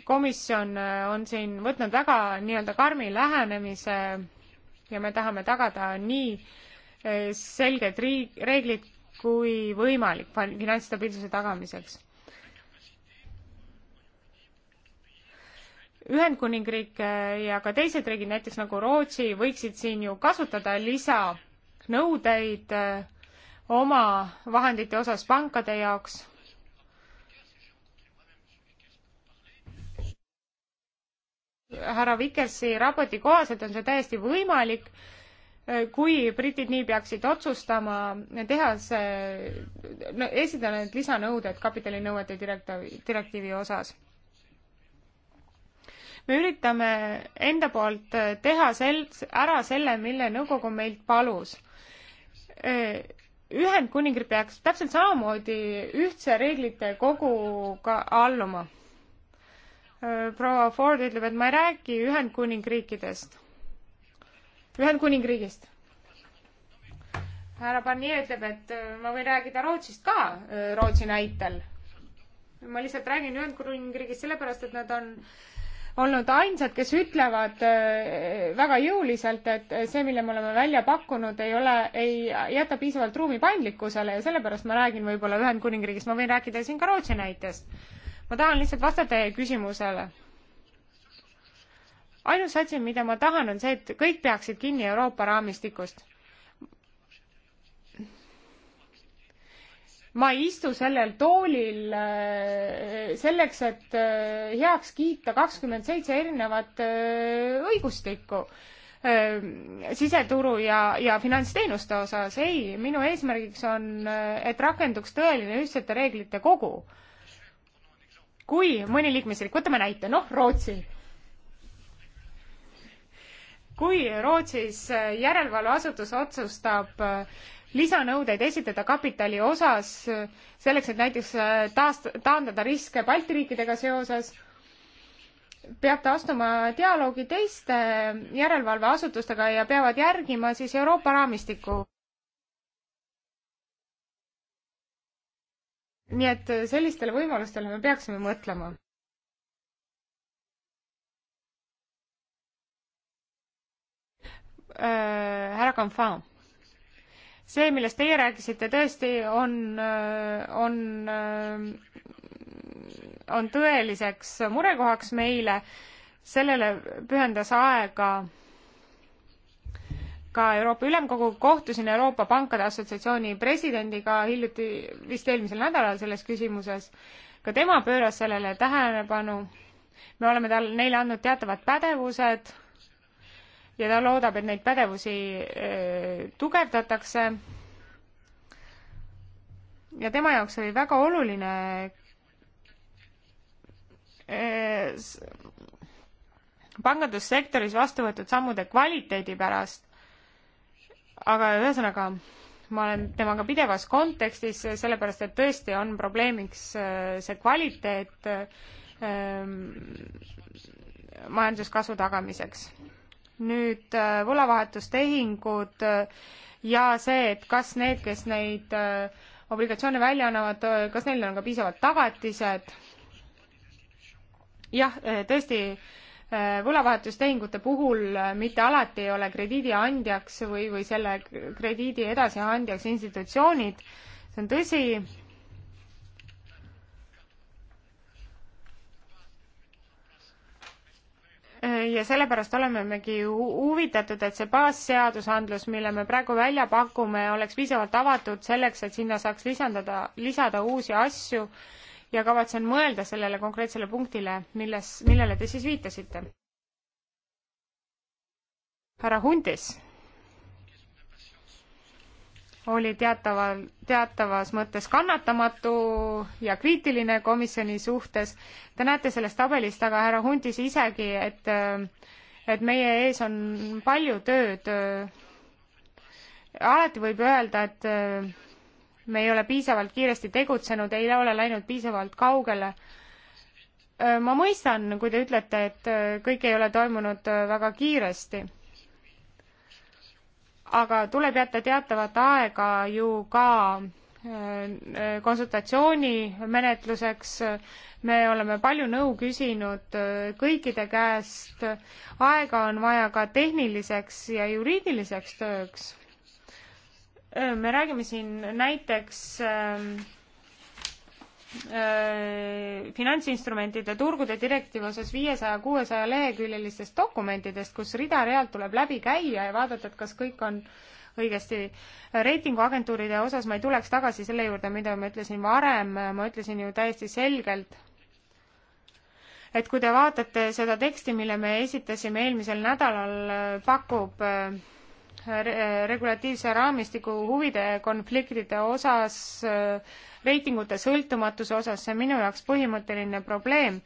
komisjon äh, on siin võtnud väga nii-öelda karmi lähenemise ja me tahame tagada nii äh, selged riig-, reeglid kui võimalik finantsstabiilsuse tagamiseks. Ühendkuningriik äh, ja ka teised riigid, näiteks nagu Rootsi, võiksid siin ju kasutada lisanõudeid oma vahendite osas pankade jaoks härra Vikersi raporti kohaselt on see täiesti võimalik, eh, kui britid nii peaksid otsustama, teha see, no esitada need lisanõuded kapitalinõuete direktiivi, direktiivi osas. me üritame enda poolt eh, teha sel-, ära selle, mille nõukogu meilt palus. Eh, Ühendkuningriik peaks täpselt samamoodi ühtse reeglite koguga alluma Äh, proua Ford ütleb, et ma ei räägi Ühendkuningriikidest, Ühendkuningriigist. härra Barnier ütleb, et äh, ma võin rääkida Rootsist ka äh, Rootsi näitel. ma lihtsalt räägin Ühendkuningriigist sellepärast, et nad on olnud ainsad, kes ütlevad väga jõuliselt, et see, mille me oleme välja pakkunud, ei ole, ei jäta piisavalt ruumi paindlikkusele ja sellepärast ma räägin võib-olla Ühendkuningriigist, ma võin rääkida siin ka Rootsi näitest ma tahan lihtsalt vastata teie küsimusele. ainus asi, mida ma tahan, on see, et kõik peaksid kinni Euroopa raamistikust. ma ei istu sellel toolil äh, selleks, et äh, heaks kiita kakskümmend seitse erinevat äh, õigustikku siseturu ja, ja finantsteenuste osas, ei, minu eesmärgiks on, et rakenduks tõeline ühtsete reeglite kogu kui mõni liikmesriik, võtame näite, noh, Rootsi. kui Rootsis äh, järelevalveasutus otsustab äh, lisanõudeid esitada kapitali osas äh, selleks, et näiteks taast-, taandada riske Balti riikidega seoses, peab ta astuma dialoogi teiste järelevalveasutustega ja peavad järgima siis Euroopa raamistikku nii et äh, sellistele võimalustele me peaksime mõtlema. Äh, härra Confant, see, millest teie rääkisite, tõesti on, äh, on on tõeliseks murekohaks meile, sellele pühendas aega ka Euroopa Ülemkogu, kohtusin Euroopa Pankade Assotsiatsiooni presidendiga hiljuti, vist eelmisel nädalal selles küsimuses, ka tema pööras sellele tähelepanu, me oleme tal, neile andnud teatavad pädevused ja ta loodab, et neid pädevusi öö, äh, tugevdatakse. ja tema jaoks oli väga oluline öö, äh, pangandussektoris vastu võetud sammude kvaliteedi pärast aga ühesõnaga, ma olen temaga pidevas kontekstis, sellepärast et tõesti on probleemiks äh, see kvaliteet ähm, majanduskasvu tagamiseks. nüüd äh, võlavahetustehingud äh, ja see, et kas need, kes neid obligatsioone välja annavad, kas neil on ka piisavalt tagatised? jah, tõesti Äh, võlavahetustehingute puhul äh, mitte alati ei ole krediidiandjaks või, või selle krediidi edasiandjaks institutsioonid, see on tõsi. Äh, ja sellepärast olemegi huvitatud, et see baasseadusandlus, mille me praegu välja pakume, oleks piisavalt avatud selleks, et sinna saaks lisandada, lisada uusi asju ja kavatsen mõelda sellele konkreetsele punktile, milles, millele te siis viitasite. härra Hundis oli teataval, teatavas mõttes kannatamatu ja kriitiline komisjoni suhtes. Te näete sellest tabelist, aga härra Huntis isegi, et, et meie ees on palju tööd. alati võib öelda, et me ei ole piisavalt kiiresti tegutsenud, ei ole läinud piisavalt kaugele. ma mõistan, kui te ütlete, et kõik ei ole toimunud väga kiiresti. aga tuleb jätta teatavat aega ju ka konsultatsioonimenetluseks, me oleme palju nõu küsinud kõikide käest, aega on vaja ka tehniliseks ja juriidiliseks tööks me räägime siin näiteks ähm, äh, finantsinstrumentide turgude direktiivi osas viiesaja, kuuesaja leheküljelistest dokumentidest, kus rida-realt tuleb läbi käia ja vaadata, et kas kõik on õigesti. reitinguagentuuride osas ma ei tuleks tagasi selle juurde, mida ma ütlesin varem, ma ütlesin ju täiesti selgelt, et kui te vaatate seda teksti, mille me esitasime eelmisel nädalal, äh, pakub äh, regulatiivse raamistiku huvide konfliktide osas, reitingute sõltumatuse osas, see on minu jaoks põhimõtteline probleem.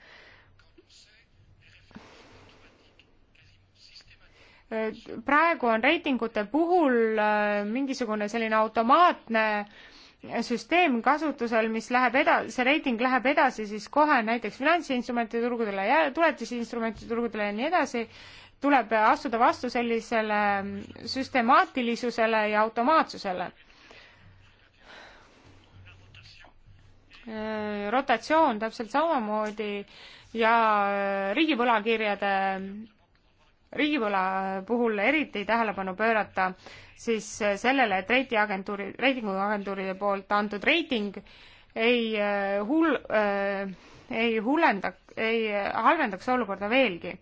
praegu on reitingute puhul äh, mingisugune selline automaatne süsteem kasutusel, mis läheb eda-, see reiting läheb edasi siis kohe näiteks finantsinstrumentide turgudele ja tuletisinstrumentide turgudele ja nii edasi tuleb astuda vastu sellisele süstemaatilisusele ja automaatsusele. rotatsioon täpselt samamoodi ja riigivõlakirjade, riigivõla puhul eriti tähelepanu pöörata siis sellele, et reitingagentuuri, reitinguagentuuride poolt antud reiting ei äh, hul- äh,, ei hullenda, ei halvendaks olukorda veelgi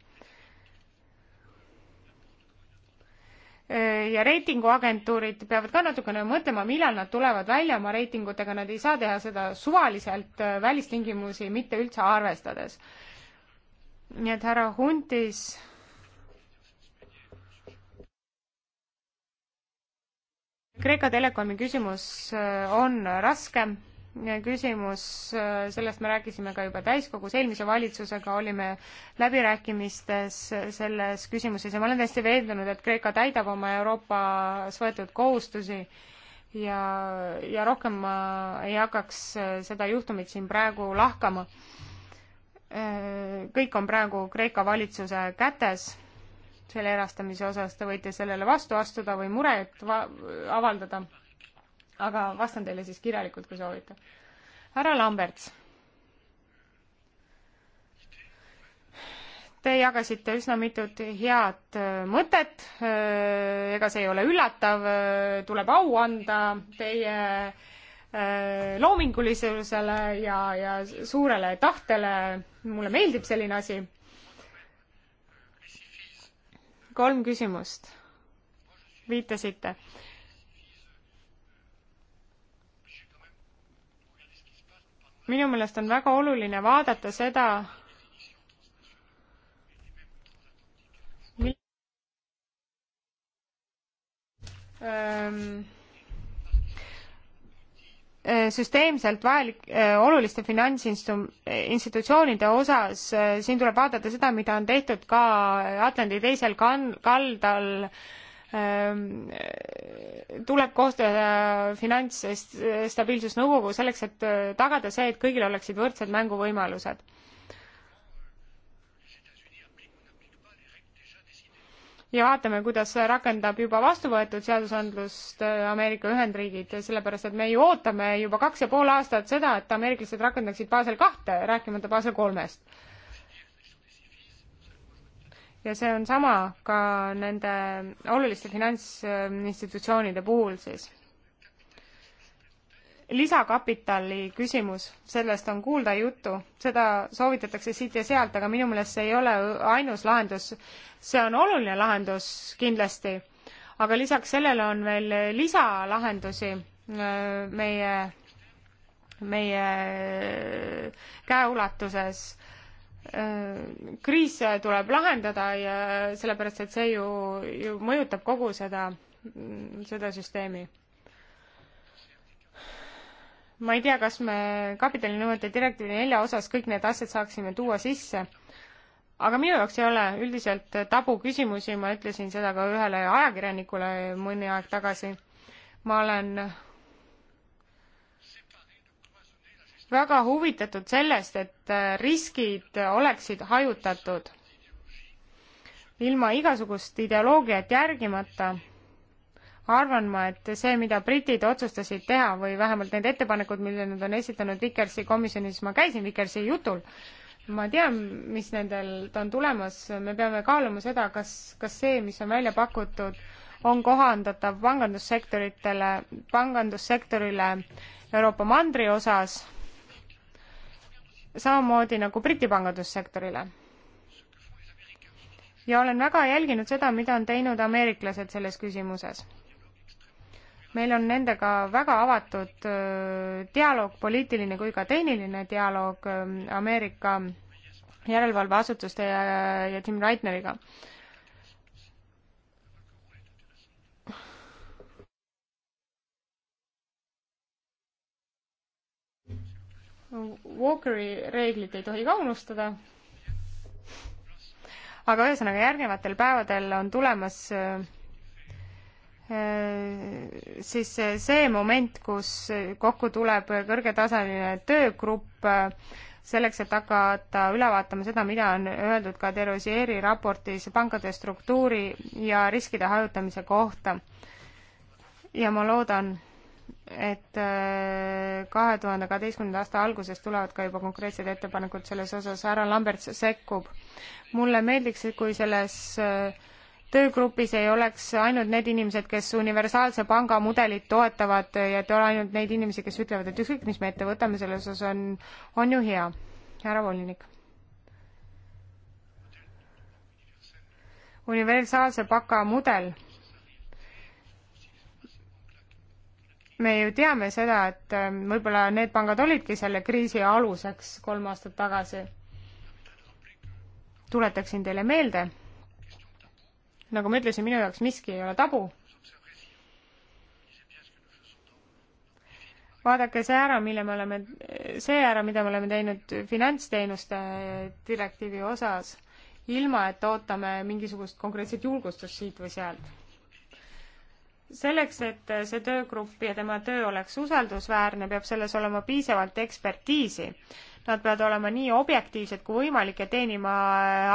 Äh, ja reitinguagentuurid peavad ka natukene mõtlema, millal nad tulevad välja oma reitingutega, nad ei saa teha seda suvaliselt, äh, välistingimusi mitte üldse arvestades. nii et härra Huntis Kreeka Telekomi küsimus äh, on raskem küsimus, sellest me rääkisime ka juba täiskogus, eelmise valitsusega olime läbirääkimistes selles küsimuses ja ma olen täiesti veendunud, et Kreeka täidab oma Euroopas võetud kohustusi ja, ja rohkem ma ei hakkaks seda juhtumit siin praegu lahkama. kõik on praegu Kreeka valitsuse kätes selle erastamise osas, te võite sellele vastu astuda või muret avaldada aga vastan teile siis kirjalikult, kui soovite. härra Lamberts. Te jagasite üsna mitut head äh, mõtet, äh, ega see ei ole üllatav, äh, tuleb au anda teie loomingulisusele ja, ja suurele tahtele, mulle meeldib selline asi. kolm küsimust viitasite minu meelest on väga oluline vaadata seda, süsteemselt vajalik, oluliste finantsinstitutsioonide osas, siin tuleb vaadata seda, mida on tehtud ka Atlandi teisel kan-, kaldal äh, Ehm, tuleb koostada finantsstabiilsusnõukogu selleks, et äh, tagada see, et kõigil oleksid võrdsed mänguvõimalused. ja vaatame, kuidas rakendab juba vastu võetud seadusandlust äh, Ameerika Ühendriigid, sellepärast et me ju ootame juba kaks ja pool aastat seda, et ameeriklased rakendaksid Basel kahte, rääkimata Basel kolmest ja see on sama ka nende oluliste finantsinstitutsioonide puhul siis. lisakapitali küsimus, sellest on kuulda juttu, seda soovitatakse siit ja sealt, aga minu meelest see ei ole ainus lahendus. see on oluline lahendus kindlasti, aga lisaks sellele on veel lisalahendusi äh, meie, meie käeulatuses Äh, kriis tuleb lahendada ja sellepärast, et see ju, ju mõjutab kogu seda, seda süsteemi. ma ei tea, kas me kapitalinõuete direktiivi nelja osas kõik need asjad saaksime tuua sisse, aga minu jaoks ei ole üldiselt tabuküsimusi, ma ütlesin seda ka ühele ajakirjanikule mõni aeg tagasi. ma olen väga huvitatud sellest, et äh, riskid oleksid hajutatud ilma igasugust ideoloogiat järgimata arvan ma, et see, mida britid otsustasid teha või vähemalt need ettepanekud, mille nad on esitanud Vikersi komisjonis, ma käisin Vikersi jutul, ma tean, mis nendelt on tulemas, me peame kaaluma seda, kas, kas see, mis on välja pakutud, on kohandatav pangandussektoritele, pangandussektorile Euroopa mandri osas samamoodi nagu Briti pangandussektorile. ja olen väga jälginud seda, mida on teinud ameeriklased selles küsimuses. meil on nendega väga avatud dialoog, poliitiline kui ka tehniline dialoog Ameerika järelevalveasutuste ja, ja Tim Reitneriga Walkeri reeglit ei tohi ka unustada. aga ühesõnaga, järgnevatel päevadel on tulemas äh, siis see moment, kus kokku tuleb kõrgetasemeline töögrupp äh, selleks, et hakata üle vaatama seda, mida on öeldud ka Derosieri raportis pankade struktuuri ja riskide hajutamise kohta. ja ma loodan, et äh, kahe tuhande kaheteistkümnenda aasta alguses tulevad ka juba konkreetsed ettepanekud selles osas, härra Lambert sekkub. mulle meeldiks, kui selles äh, töögrupis ei oleks ainult need inimesed, kes universaalse panga mudelit toetavad ja et ei ole ainult neid inimesi, kes ütlevad, et ükskõik, mis me ette võtame, selles osas on, on ju hea. härra volinik. universaalse panga mudel me ju teame seda, et ähm, võib-olla need pangad olidki selle kriisi aluseks kolm aastat tagasi. tuletaksin teile meelde, nagu ma ütlesin, minu jaoks miski ei ole tabu. vaadake see ära, mille me oleme, see ära, mida me oleme teinud finantsteenuste direktiivi osas, ilma et ootame mingisugust konkreetset julgustust siit või sealt selleks, et see töögrupp ja tema töö oleks usaldusväärne, peab selles olema piisavalt ekspertiisi. Nad peavad olema nii objektiivsed kui võimalik ja teenima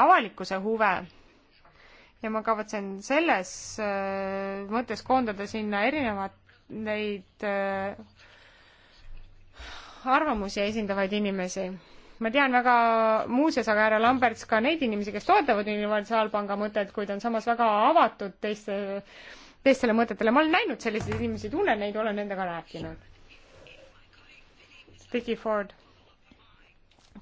avalikkuse huve. ja ma kavatsen selles äh, mõttes koondada sinna erinevad neid äh, arvamusi esindavaid inimesi ma tean väga muuseas aga härra Lamberts ka neid inimesi, kes toetavad universaalpanga mõtet, kuid on samas väga avatud teiste teistele mõtetele, ma olen näinud selliseid inimesi, tunnen neid, olen nendega rääkinud. Vicky Ford.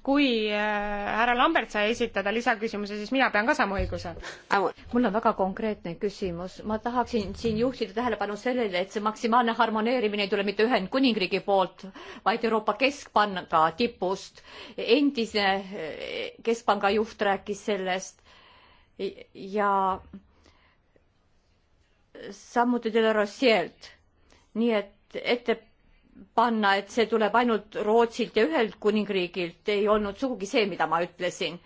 kui äh, härra Lambert sai esitada lisaküsimuse, siis mina pean ka sama õiguse. mul on väga konkreetne küsimus, ma tahaksin siin juhtida tähelepanu sellele, et see maksimaalne harmoneerimine ei tule mitte Ühendkuningriigi poolt, vaid Euroopa Keskpanga tipust. endise äh, keskpanga juht rääkis sellest ja samuti Delarosielt. nii et ette panna, et see tuleb ainult Rootsilt ja ühelt kuningriigilt, ei olnud sugugi see, mida ma ütlesin.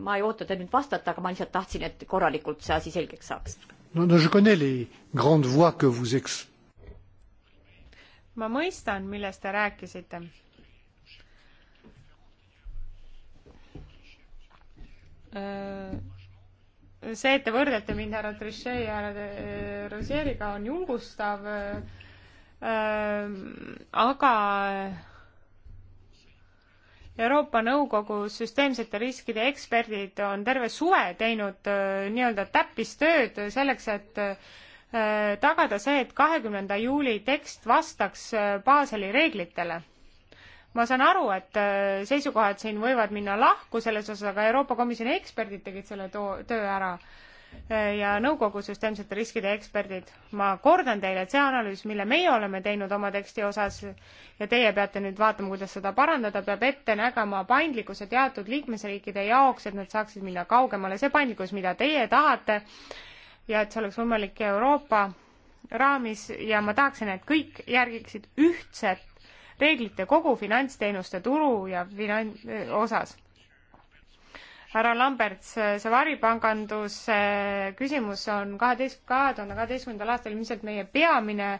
ma ei oota teil nüüd vastata, aga ma lihtsalt tahtsin, et korralikult see asi selgeks saaks. no, no je connais les grandes voix que vous ex-. ma mõistan, millest te rääkisite. Uh... Äh, öö see, et te võrdlete mind härra Trichet ja härra äh, Rosieriga, on julgustav äh,. aga Euroopa Nõukogu süsteemsete riskide eksperdid on terve suve teinud äh, nii-öelda täppistööd selleks, et äh, tagada see, et kahekümnenda juuli tekst vastaks äh, Baseli reeglitele ma saan aru, et äh, seisukohad siin võivad minna lahku selles osas, aga Euroopa Komisjoni eksperdid tegid selle too, töö ära äh, ja nõukogu süsteemsete riskide eksperdid. ma kordan teile, et see analüüs, mille meie oleme teinud oma teksti osas ja teie peate nüüd vaatama, kuidas seda parandada, peab ette nägema paindlikkuse teatud liikmesriikide jaoks, et nad saaksid minna kaugemale. see paindlikkus, mida teie tahate ja et see oleks võimalik Euroopa raamis ja ma tahaksin, et kõik järgiksid ühtset reeglite kogu finantsteenuste turu ja finan-, osas. härra Lamberts, see varipanganduse küsimus on kaheteist, kahe tuhande kaheteistkümnendal aastal ilmselt meie peamine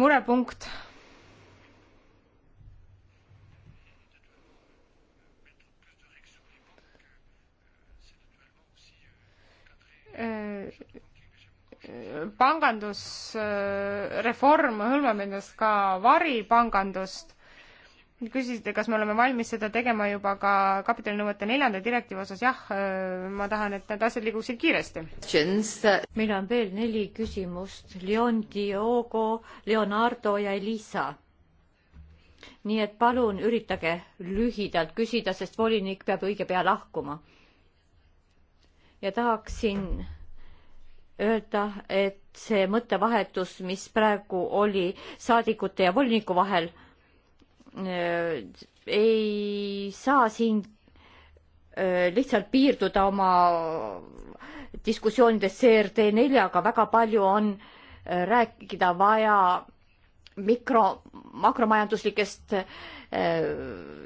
murepunkt pangandusreform hõlmab endast ka varipangandust. küsisite, kas me oleme valmis seda tegema juba ka kapitalinõuete neljanda direktiivi osas, jah, ma tahan, et need asjad liiguksid kiiresti. meil on veel neli küsimust, Leon Diogo, Leonardo ja Elisa. nii et palun üritage lühidalt küsida, sest volinik peab õige pea lahkuma. ja tahaksin öelda, et see mõttevahetus, mis praegu oli saadikute ja voliniku vahel, äh, ei saa siin äh, lihtsalt piirduda oma diskussioonides CRD neljaga, väga palju on äh, rääkida vaja mikro, makromajanduslikest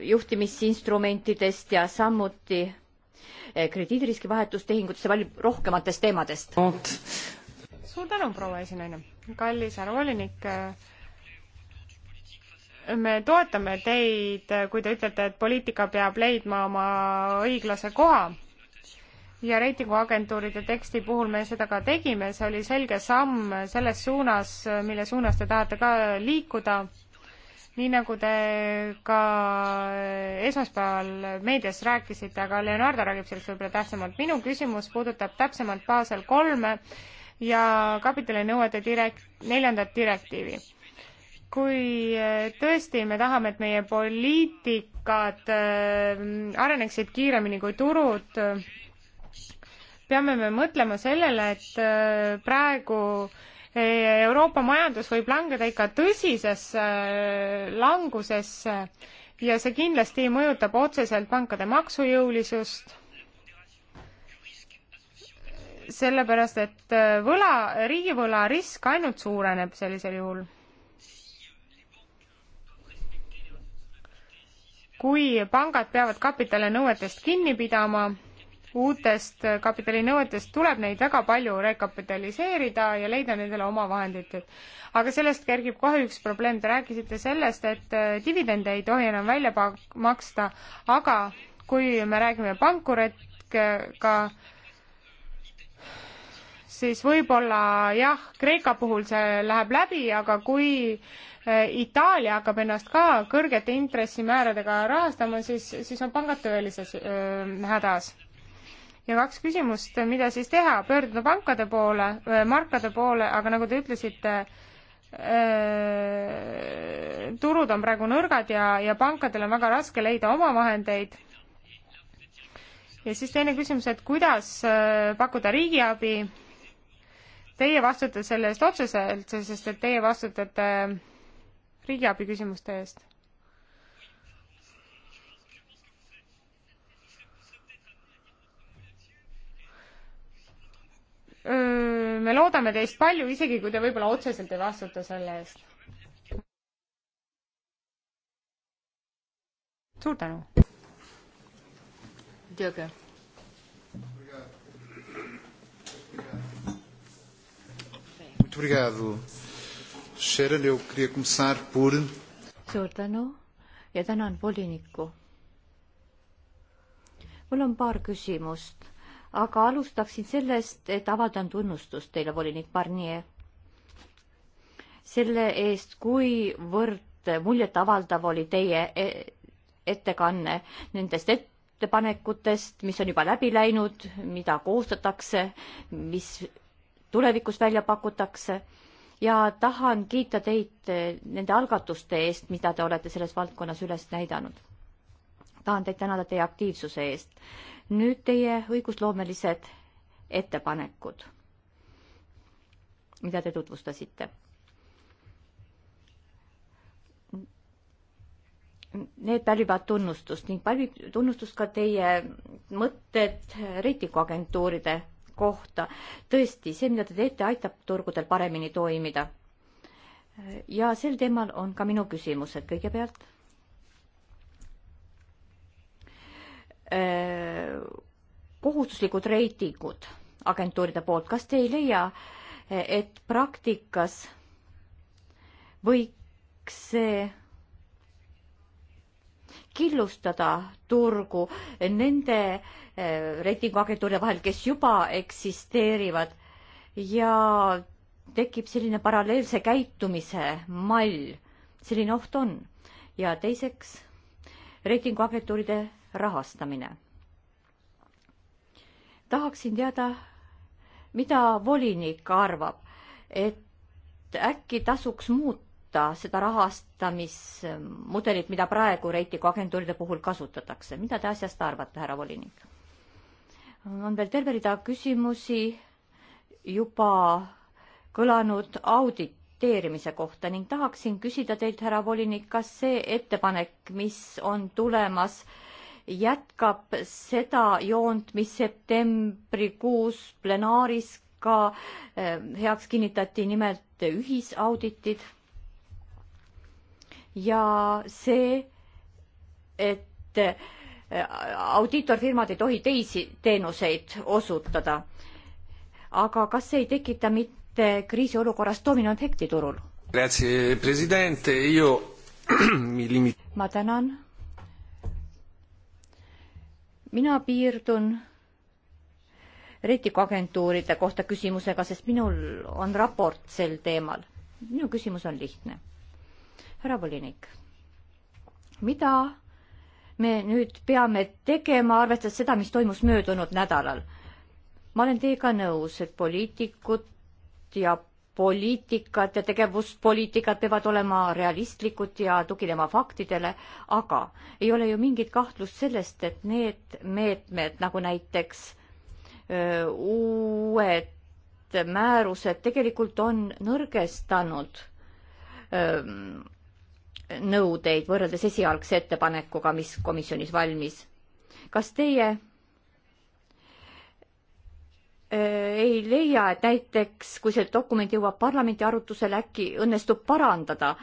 juhtimisinstrumentidest ja samuti Eh, krediidiriski vahetustehingutesse, palju rohkematest teemadest. suur tänu, proua esinaine. kallis härra volinik, eh, me toetame teid, eh, kui te ütlete, et poliitika peab leidma oma õiglase koha ja reitinguagentuuride teksti puhul me seda ka tegime, see oli selge samm selles suunas, mille suunas te tahate ka liikuda nii nagu te ka esmaspäeval meedias rääkisite, aga Leonardo räägib sellest võib-olla tähtsamalt. minu küsimus puudutab täpsemalt Basel kolme ja kapitalinõuete direkt-, neljandat direktiivi. kui tõesti me tahame, et meie poliitikad äh, areneksid kiiremini kui turud, peame me mõtlema sellele, et äh, praegu äh, Euroopa majandus võib langeda ikka tõsisesse äh, langusesse ja see kindlasti mõjutab otseselt pankade maksujõulisust, sellepärast et äh, võla, riigivõla risk ainult suureneb sellisel juhul. kui pangad peavad kapitalinõuetest kinni pidama uutest kapitalinõuetest tuleb neid väga palju rekapitaliseerida ja leida nendele omavahendid. aga sellest kergib kohe üks probleem, te rääkisite sellest, et äh, dividende ei tohi enam välja maksta, aga kui me räägime pankuritega, siis võib-olla jah, Kreeka puhul see läheb läbi, aga kui äh, Itaalia hakkab ennast ka kõrgete intressimääradega rahastama, siis, siis on pangad tõelises öö, äh, hädas ja kaks küsimust, mida siis teha, pöörduda pankade poole, markade poole, aga nagu te ütlesite, turud on praegu nõrgad ja, ja pankadel on väga raske leida omavahendeid. ja siis teine küsimus, et kuidas pakkuda riigiabi. Teie vastutate selle eest otseselt, sest et teie vastutate riigiabi küsimuste eest me loodame teist palju, isegi kui te võib-olla otseselt ei vastuta selle eest. suur tänu. Jõge. Muito obrigado, Sharon. Eu queria começar por. suur tänu ja tänan volinikku. mul on paar küsimust aga alustaksin sellest, et avaldan tunnustust teile, volinik Barnier, selle eest, kuivõrd muljetavaldav oli teie e, ettekanne nendest ettepanekutest, mis on juba läbi läinud, mida koostatakse, mis tulevikus välja pakutakse ja tahan kiita teid nende algatuste eest, mida te olete selles valdkonnas üles näidanud. tahan teid tänada teie aktiivsuse eest nüüd teie õigusloomelised ettepanekud, mida te tutvustasite. Need pälvivad tunnustust ning pälvib tunnustust ka teie mõtted reitinguagentuuride kohta. tõesti, see, mida te teete, aitab turgudel paremini toimida. ja sel teemal on ka minu küsimused kõigepealt Äh, kohustuslikud reitingud agentuuride poolt, kas te ei leia, äh, et praktikas võiks see killustada turgu nende äh, reitinguagentuuride vahel, kes juba eksisteerivad ja tekib selline paralleelse käitumise mall, selline oht on. ja teiseks, reitinguagentuuride rahastamine. tahaksin teada, mida volinik arvab, et äkki tasuks muuta seda rahastamismudelit, mida praegu reitinguagentuuride puhul kasutatakse, mida te asjast arvate, härra volinik? on veel terve rida küsimusi juba kõlanud auditeerimise kohta ning tahaksin küsida teilt, härra volinik, kas see ettepanek, mis on tulemas äh, jätkab seda joont, mis septembrikuus plenaaris ka eh, heaks kinnitati, nimelt ühisauditid. ja see, et eh, audiitorfirmad ei tohi teisi teenuseid osutada. aga kas see ei tekita mitte kriisiolukorras dominantefekti turul? ma tänan mina piirdun reitinguagentuuride kohta küsimusega, sest minul on raport sel teemal. minu küsimus on lihtne. härra volinik, mida me nüüd peame tegema, arvestades seda, mis toimus möödunud nädalal? ma olen teiega nõus, et poliitikud ja poliitikat ja tegevuspoliitikad peavad olema realistlikud ja tuginema faktidele, aga ei ole ju mingit kahtlust sellest, et need meetmed nagu näiteks öö, uued määrused tegelikult on nõrgestanud öö, nõudeid võrreldes esialgse ettepanekuga, mis komisjonis valmis. kas teie Äh, ei leia, et näiteks kui see dokument jõuab parlamendi arutusele, äkki õnnestub parandada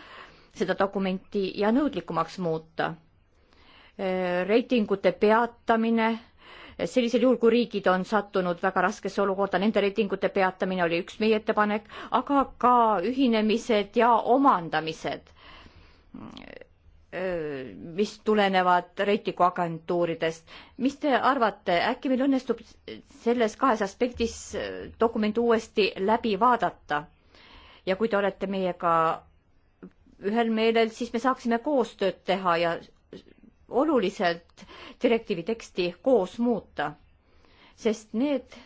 seda dokumenti ja nõudlikumaks muuta. Äh, reitingute peatamine, äh, sellisel juhul, kui riigid on sattunud väga raskesse olukorda, nende reitingute peatamine oli üks meie ettepanek, aga ka ühinemised ja omandamised mis tulenevad reitinguagentuuridest. mis te arvate, äkki meil õnnestub selles kahes aspektis dokument uuesti läbi vaadata? ja kui te olete meiega ühel meelel, siis me saaksime koostööd teha ja oluliselt direktiivi teksti koos muuta. sest need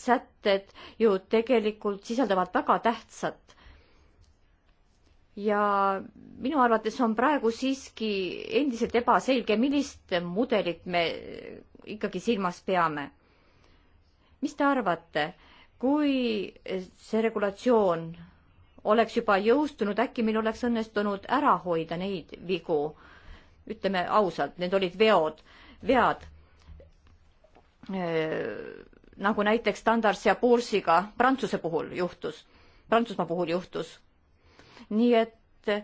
sätted ju tegelikult sisaldavad väga tähtsat ja minu arvates on praegu siiski endiselt ebaselge, millist mudelit me ikkagi silmas peame. mis te arvate, kui see regulatsioon oleks juba jõustunud, äkki meil oleks õnnestunud ära hoida neid vigu? ütleme ausalt, need olid veod, vead. Äh, nagu näiteks Standards ja Poorsiga Prantsuse puhul juhtus, Prantsusmaa puhul juhtus nii et äh,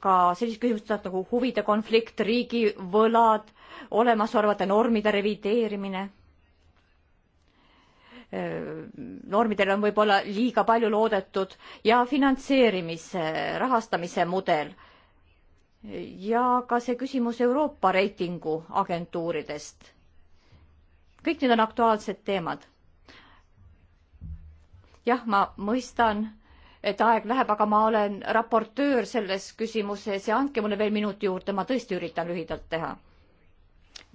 ka sellised küsimused nagu huvide konflikt, riigivõlad, olemasolevate normide revideerimine. Äh, normidel on võib-olla liiga palju loodetud ja finantseerimise, rahastamise mudel ja ka see küsimus Euroopa reitinguagentuuridest. kõik need on aktuaalsed teemad. jah, ma mõistan et aeg läheb, aga ma olen raportöör selles küsimuses ja andke mulle veel minut juurde, ma tõesti üritan lühidalt teha.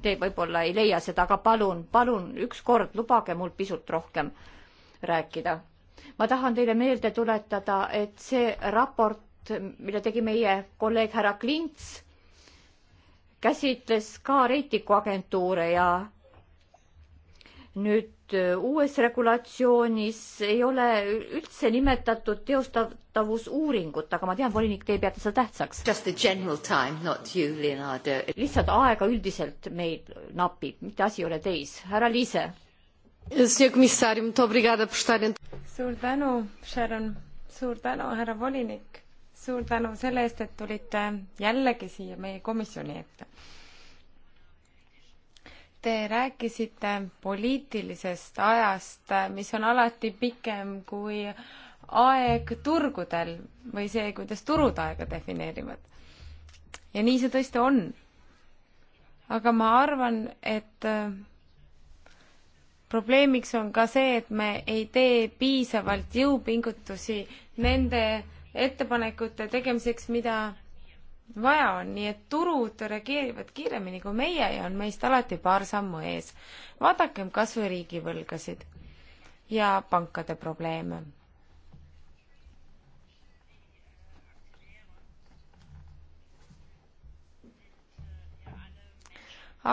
Te võib-olla ei leia seda, aga palun, palun ükskord lubage mul pisut rohkem rääkida. ma tahan teile meelde tuletada, et see raport, mille tegi meie kolleeg härra Klints, käsitles ka reitinguagentuure ja nüüd Äh, uues regulatsioonis ei ole üldse nimetatud teostatavusuuringut, aga ma tean, volinik, teie peate seda tähtsaks. lihtsalt aega üldiselt meil napib, mitte asi ei ole teis. härra Liise. suur tänu, Sharon. suur tänu, härra volinik. suur tänu selle eest, et tulite jällegi siia meie komisjoni ette Te rääkisite poliitilisest ajast, mis on alati pikem kui aeg turgudel või see, kuidas turud aega defineerivad. ja nii see tõesti on. aga ma arvan, et äh, probleemiks on ka see, et me ei tee piisavalt jõupingutusi nende ettepanekute tegemiseks, mida vaja on, nii et turud reageerivad kiiremini kui meie ja on meist alati paar sammu ees. vaadakem kas või riigivõlgasid ja pankade probleeme.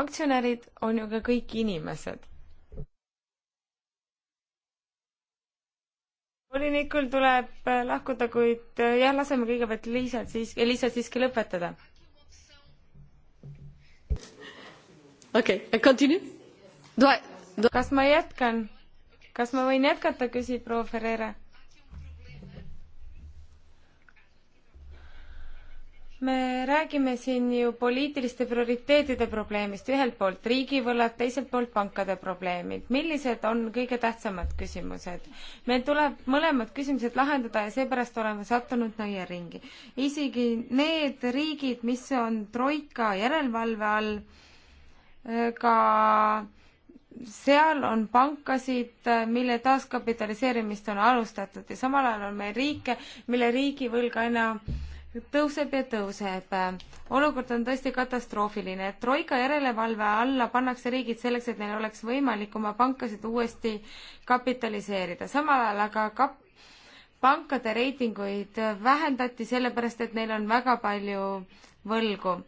aktsionärid on ju ka kõik inimesed volinikul tuleb äh, lahkuda, kuid äh, jah, laseme kõigepealt Liisat siis, Liisat siiski lõpetada. okei okay,, continue. kas ma jätkan? kas ma võin jätkata, küsib proua Ferreira me räägime siin ju poliitiliste prioriteetide probleemist, ühelt poolt riigivõlad, teiselt poolt pankade probleemid. millised on kõige tähtsamad küsimused? meil tuleb mõlemad küsimused lahendada ja seepärast oleme sattunud nõiaringi. isegi need riigid, mis on troika järelevalve all, äh, ka seal on pankasid, äh, mille taaskapitaliseerimist on alustatud ja samal ajal on meil riike, mille riigivõlga enam tõuseb ja tõuseb. olukord on tõesti katastroofiline. troika järelevalve alla pannakse riigid selleks, et neil oleks võimalik oma pankasid uuesti kapitaliseerida. samal ajal aga kap-, pankade reitinguid vähendati sellepärast, et neil on väga palju võlgu.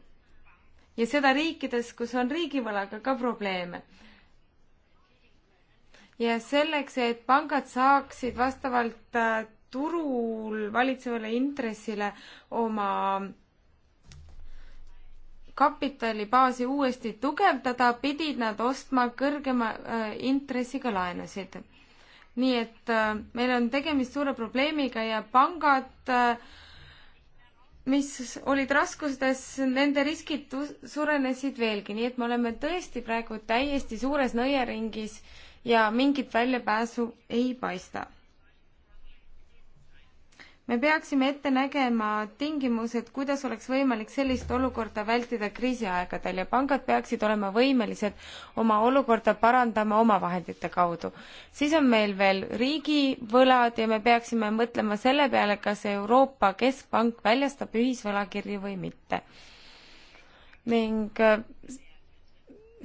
ja seda riikides, kus on riigivõlaga ka probleeme ja selleks, et pangad saaksid vastavalt äh, turul valitsevale intressile oma kapitalibaasi uuesti tugevdada, pidid nad ostma kõrgema äh, intressiga laenusid. nii et äh, meil on tegemist suure probleemiga ja pangad, äh, mis olid raskustes, nende riskid suurenesid veelgi, nii et me oleme tõesti praegu täiesti suures nõiaringis ja mingit väljapääsu ei paista me peaksime ette nägema tingimused, kuidas oleks võimalik sellist olukorda vältida kriisiaegadel ja pangad peaksid olema võimelised oma olukorda parandama omavahendite kaudu. siis on meil veel riigivõlad ja me peaksime mõtlema selle peale, kas Euroopa Keskpank väljastab ühisvõlakirju või mitte. ning äh,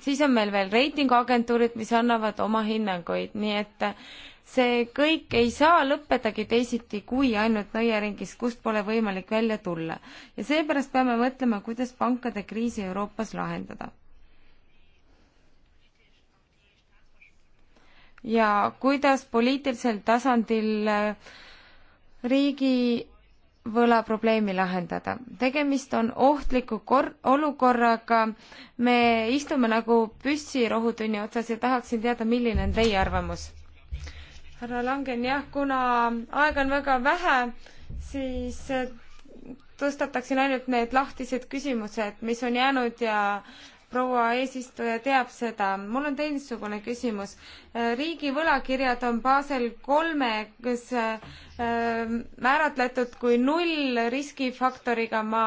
siis on meil veel reitinguagentuurid, mis annavad oma hinnanguid, nii et äh, see kõik ei saa lõppedagi teisiti kui ainult nõiaringis, kust pole võimalik välja tulla. ja seepärast peame mõtlema, kuidas pankade kriisi Euroopas lahendada. ja kuidas poliitilisel tasandil äh, riigi võlaprobleemi lahendada. tegemist on ohtliku kor-, olukorraga, me istume nagu püssirohutunni otsas ja tahaksin teada, milline on teie arvamus härra Langen, jah, kuna aega on väga vähe, siis äh, tõstataksin ainult need lahtised küsimused, mis on jäänud ja proua eesistuja teab seda. mul on teistsugune küsimus. Äh, riigi võlakirjad on Basel kolmes äh, määratletud kui null riskifaktoriga. ma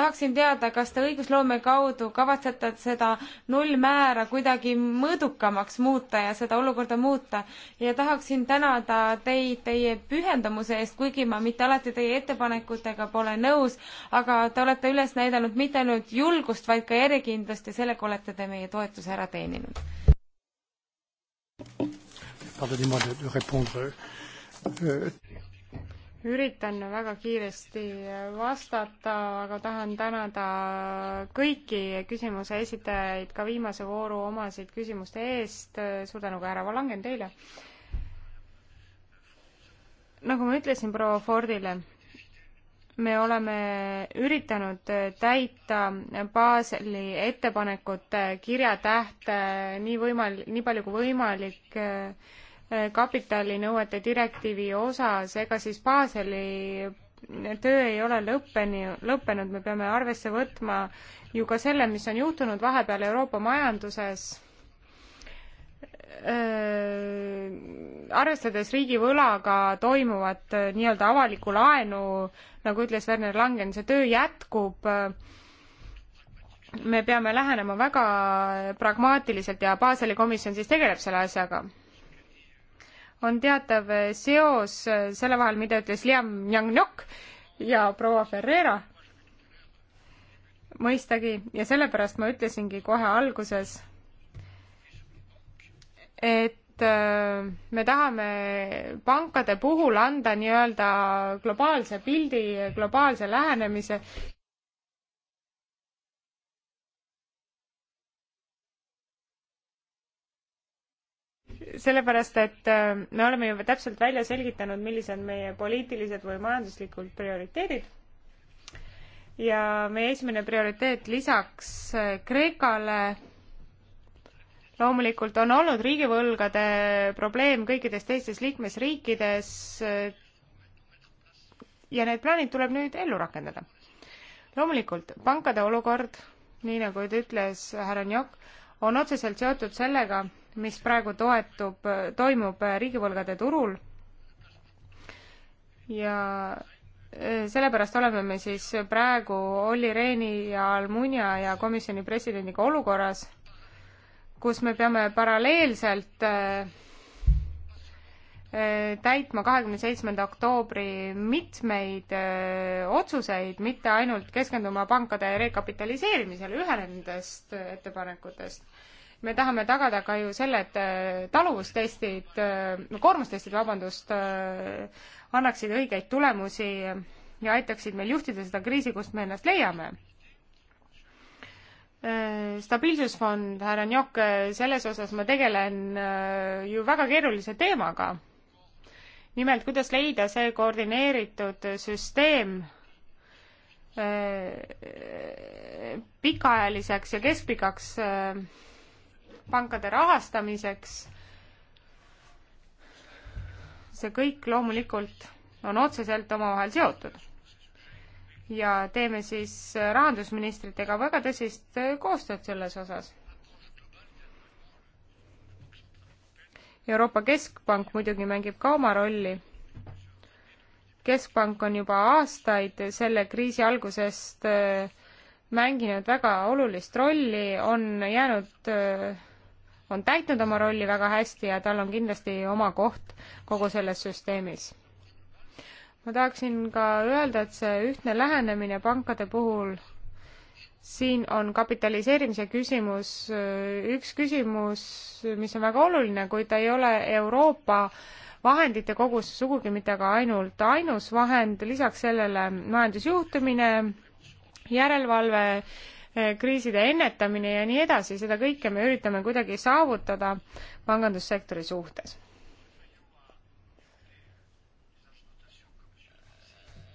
tahaksin teada, kas te õigusloome kaudu kavatsete seda nullmäära kuidagi mõõdukamaks muuta ja seda olukorda muuta ja tahaksin tänada teid teie pühendumuse eest, kuigi ma mitte alati teie ettepanekutega pole nõus, aga te olete üles näidanud mitte ainult julgust, vaid ka järjekindlust ja sellega olete te meie toetuse ära teeninud. Pardonnez-moi de, de répondre. Euh, üritan väga kiiresti vastata, aga tahan tänada kõiki küsimuse esitajaid, ka viimase vooru omasid küsimuste eest. suur tänu ka härra Valangen teile. nagu ma ütlesin proua Fordile, me oleme üritanud täita Baseli ettepanekute kirjatähte nii võimal-, nii palju kui võimalik äh, kapitalinõuete direktiivi osas, ega siis Baseli töö ei ole lõppeni, lõppenud, me peame arvesse võtma ju ka selle, mis on juhtunud vahepeal Euroopa majanduses arvestades riigivõlaga toimuvat nii-öelda avalikku laenu, nagu ütles Werner Langen, see töö jätkub. me peame lähenema väga pragmaatiliselt ja Baseli komisjon siis tegeleb selle asjaga on teatav seos selle vahel, mida ütles Liam Young-Nok ja proua Ferreira. mõistagi, ja sellepärast ma ütlesingi kohe alguses, et äh, me tahame pankade puhul anda nii-öelda globaalse pildi, globaalse lähenemise sellepärast, et äh, me oleme ju täpselt välja selgitanud, millised meie poliitilised või majanduslikud prioriteedid. ja meie esimene prioriteet lisaks äh, Kreekale loomulikult on olnud riigivõlgade probleem kõikides teistes liikmesriikides äh, ja need plaanid tuleb nüüd ellu rakendada. loomulikult, pankade olukord, nii nagu ütles härra Njok, on otseselt seotud sellega, mis praegu toetub, toimub riigivõlgade turul ja e, sellepärast oleme me siis praegu Olli Rehni ja Almunia ja komisjoni presidendiga olukorras, kus me peame paralleelselt e, e, täitma kahekümne seitsmenda oktoobri mitmeid öö, otsuseid, mitte ainult keskenduma pankade rekapitaliseerimisele, ühe nendest ettepanekutest me tahame tagada ka ju selle, et äh, taluvustestid, äh, koormustestid, vabandust, äh, annaksid õigeid tulemusi ja aitaksid meil juhtida seda kriisi, kust me ennast leiame. stabiilsusfond, härra Njok, selles osas ma tegelen ju väga keerulise teemaga. nimelt, kuidas leida see koordineeritud süsteem pikaajaliseks ja keskpikaks pankade rahastamiseks. see kõik loomulikult on otseselt omavahel seotud. ja teeme siis rahandusministritega väga tõsist koostööd selles osas. Euroopa Keskpank muidugi mängib ka oma rolli. keskpank on juba aastaid selle kriisi algusest äh, mänginud väga olulist rolli, on jäänud äh, on täitnud oma rolli väga hästi ja tal on kindlasti oma koht kogu selles süsteemis. ma tahaksin ka öelda, et see ühtne lähenemine pankade puhul, siin on kapitaliseerimise küsimus äh, üks küsimus, mis on väga oluline, kuid ta ei ole Euroopa vahendite kogus sugugi mitte aga ainult ainus vahend, lisaks sellele majandusjuhtimine, järelevalve, Eh, kriiside ennetamine ja nii edasi, seda kõike me üritame kuidagi saavutada pangandussektori suhtes.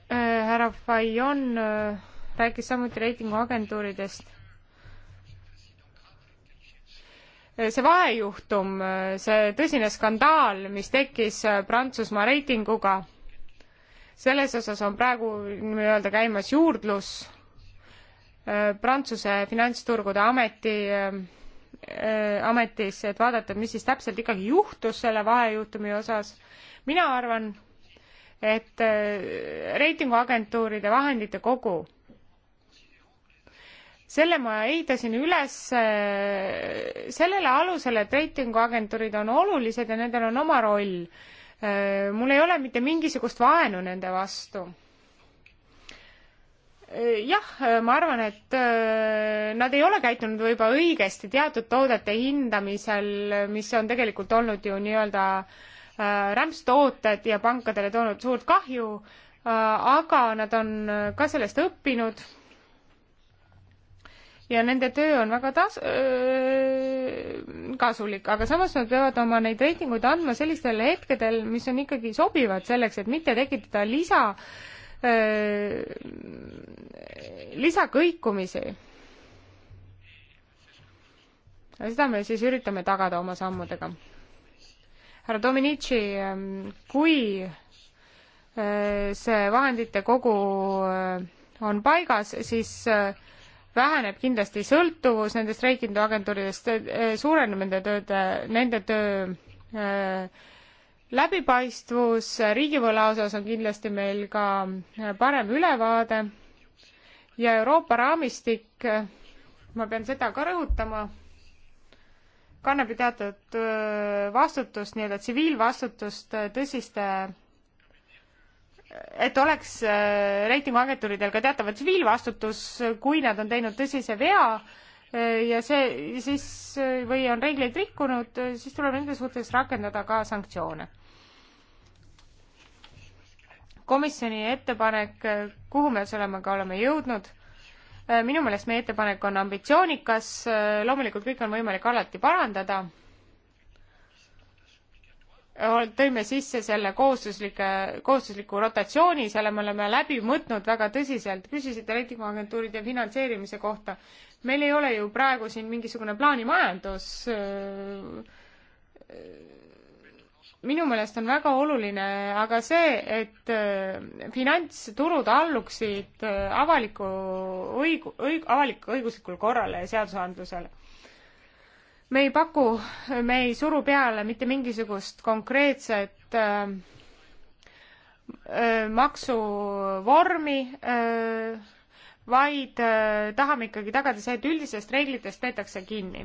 Eh, härra Fajon eh, rääkis samuti reitinguagentuuridest. see vahejuhtum, see tõsine skandaal, mis tekkis Prantsusmaa reitinguga, selles osas on praegu nii-öelda käimas juurdlus Prantsuse finantsturgude ameti äh, ametis, et vaadata, mis siis täpselt ikkagi juhtus selle vahejuhtumi osas. mina arvan, et äh, reitinguagentuuride vahendite kogu, selle ma ehitasin üles äh, sellele alusele, et reitinguagentuurid on olulised ja nendel on oma roll. mul ei ole mitte mingisugust vaenu nende vastu jah, ma arvan, et äh, nad ei ole käitunud võib-olla õigesti teatud toodete hindamisel, mis on tegelikult olnud ju nii-öelda äh, rämpstooted ja pankadele toonud suurt kahju, äh, aga nad on ka sellest õppinud. ja nende töö on väga tas-, kasulik, aga samas nad peavad oma neid reitinguid andma sellistel hetkedel, mis on ikkagi sobivad selleks, et mitte tekitada lisa äh, lisakõikumisi. seda me siis üritame tagada oma sammudega. härra Dominici, kui see vahendite kogu on paigas, siis väheneb kindlasti sõltuvus nendest reitinguagentuuridest, suureneb nende tööde, nende töö läbipaistvus riigivõla osas on kindlasti meil ka parem ülevaade ja Euroopa raamistik, ma pean seda ka rõhutama, kannab ju teatud vastutust, nii-öelda tsiviilvastutust tõsiste, et oleks reitinguagentuuridel ka teatav tsiviilvastutus, kui nad on teinud tõsise vea ja see siis või on reegleid rikkunud, siis tuleb nende suhtes rakendada ka sanktsioone komisjoni ettepanek, kuhu me sellega oleme jõudnud. minu meelest meie ettepanek on ambitsioonikas, loomulikult kõik on võimalik alati parandada. tõime sisse selle kohustuslike, kohustusliku rotatsiooni, selle me oleme läbi mõtnud väga tõsiselt, küsisite reitinguagentuuride finantseerimise kohta. meil ei ole ju praegu siin mingisugune plaanimajandus minu meelest on väga oluline aga see, et äh, finantsturud alluksid äh, avaliku õigu-, õig-, avalik-õiguslikule korrale ja äh, seadusandlusele. me ei paku, me ei suru peale mitte mingisugust konkreetset äh, maksuvormi äh, vaid äh, tahame ikkagi tagada see, et üldisest reeglitest peetakse kinni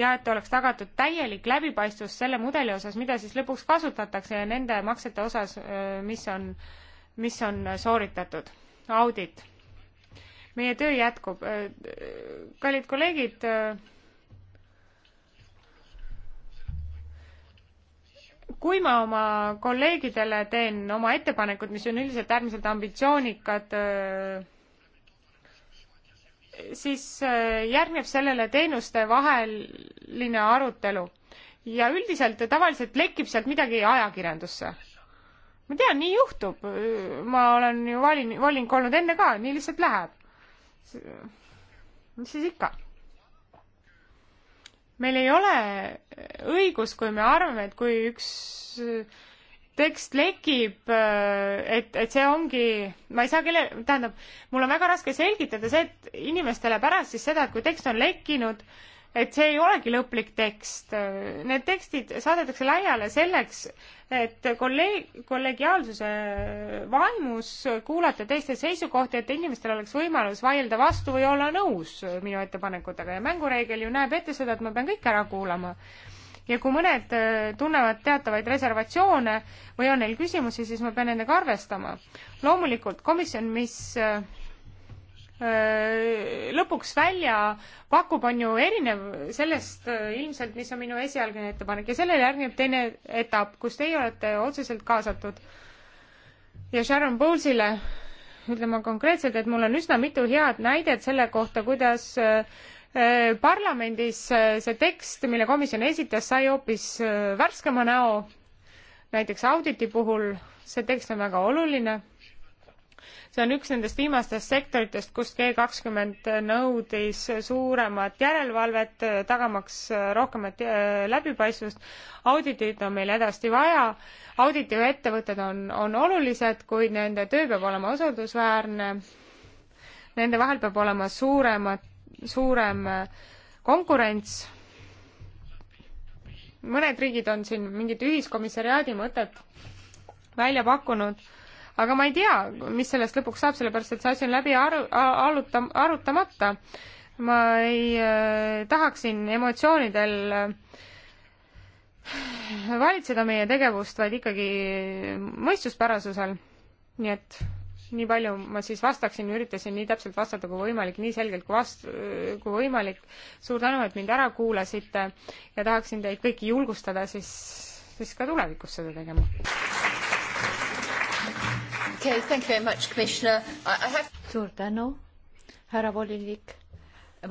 ja et oleks tagatud täielik läbipaistvus selle mudeli osas, mida siis lõpuks kasutatakse ja nende maksete osas, äh, mis on, mis on äh, sooritatud. audit. meie töö jätkub. kallid kolleegid, kui ma oma kolleegidele teen oma ettepanekud, mis on üldiselt äärmiselt ambitsioonikad öö, siis äh, järgneb sellele teenuste vaheline arutelu ja üldiselt tavaliselt lekib sealt midagi ajakirjandusse. ma tean, nii juhtub, ma olen ju valin-, volinik olnud enne ka, nii lihtsalt läheb. mis siis ikka? meil ei ole õigus, kui me arvame, et kui üks äh, tekst lekib, äh, et, et see ongi, ma ei saa kelle, tähendab, mul on väga raske selgitada see, et inimestele pärast siis seda, et kui tekst on lekkinud, et see ei olegi lõplik tekst. Need tekstid saadetakse laiale selleks, et kolleeg, kollegiaalsuse vaimus kuulata teiste seisukohti, et inimestel oleks võimalus vaielda vastu või olla nõus minu ettepanekutega ja mängureegel ju näeb ette seda, et ma pean kõik ära kuulama ja kui mõned äh, tunnevad teatavaid reservatsioone või on neil küsimusi, siis ma pean nendega arvestama. loomulikult komisjon, mis äh, äh, lõpuks välja pakub, on ju erinev sellest ilmselt, mis on minu esialgne ettepanek ja sellele järgneb teine etapp, kus teie olete otseselt kaasatud. ja Sharon Bowlesile ütlen ma konkreetselt, et mul on üsna mitu head näidet selle kohta, kuidas äh, Äh, parlamendis äh, see tekst, mille komisjon esitas, sai hoopis äh, värskema näo. näiteks auditi puhul see tekst on väga oluline. see on üks nendest viimastest sektoritest, kus G kakskümmend nõudis suuremat järelevalvet, tagamaks rohkemat läbipaistvust. auditit on meil hädasti vaja. auditiettevõtted on, on olulised, kuid nende töö peab olema usaldusväärne. Nende vahel peab olema suuremat suurem äh, konkurents. mõned riigid on siin mingit ühiskomissariaadi mõtet välja pakkunud, aga ma ei tea, mis sellest lõpuks saab, sellepärast et see asi on läbi aru-, aruta-, arutamata. ma ei äh, tahaks siin emotsioonidel äh, valitseda meie tegevust, vaid ikkagi mõistuspärasusel. nii et nii palju ma siis vastaksin, üritasin nii täpselt vastata kui võimalik, nii selgelt kui vast-, kui võimalik. suur tänu, et mind ära kuulasite ja tahaksin teid kõiki julgustada siis, siis ka tulevikus seda tegema. Okay, thank you very much, Commissioner. I have... suur tänu, härra volinik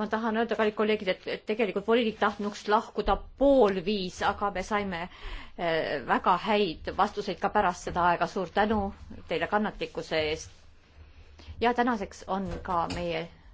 ma tahan öelda, kallid kolleegid, et tegelikult volinik tahtnuks lahkuda pool viis, aga me saime eh, väga häid vastuseid ka pärast seda aega. suur tänu teile kannatlikkuse eest. ja tänaseks on ka meie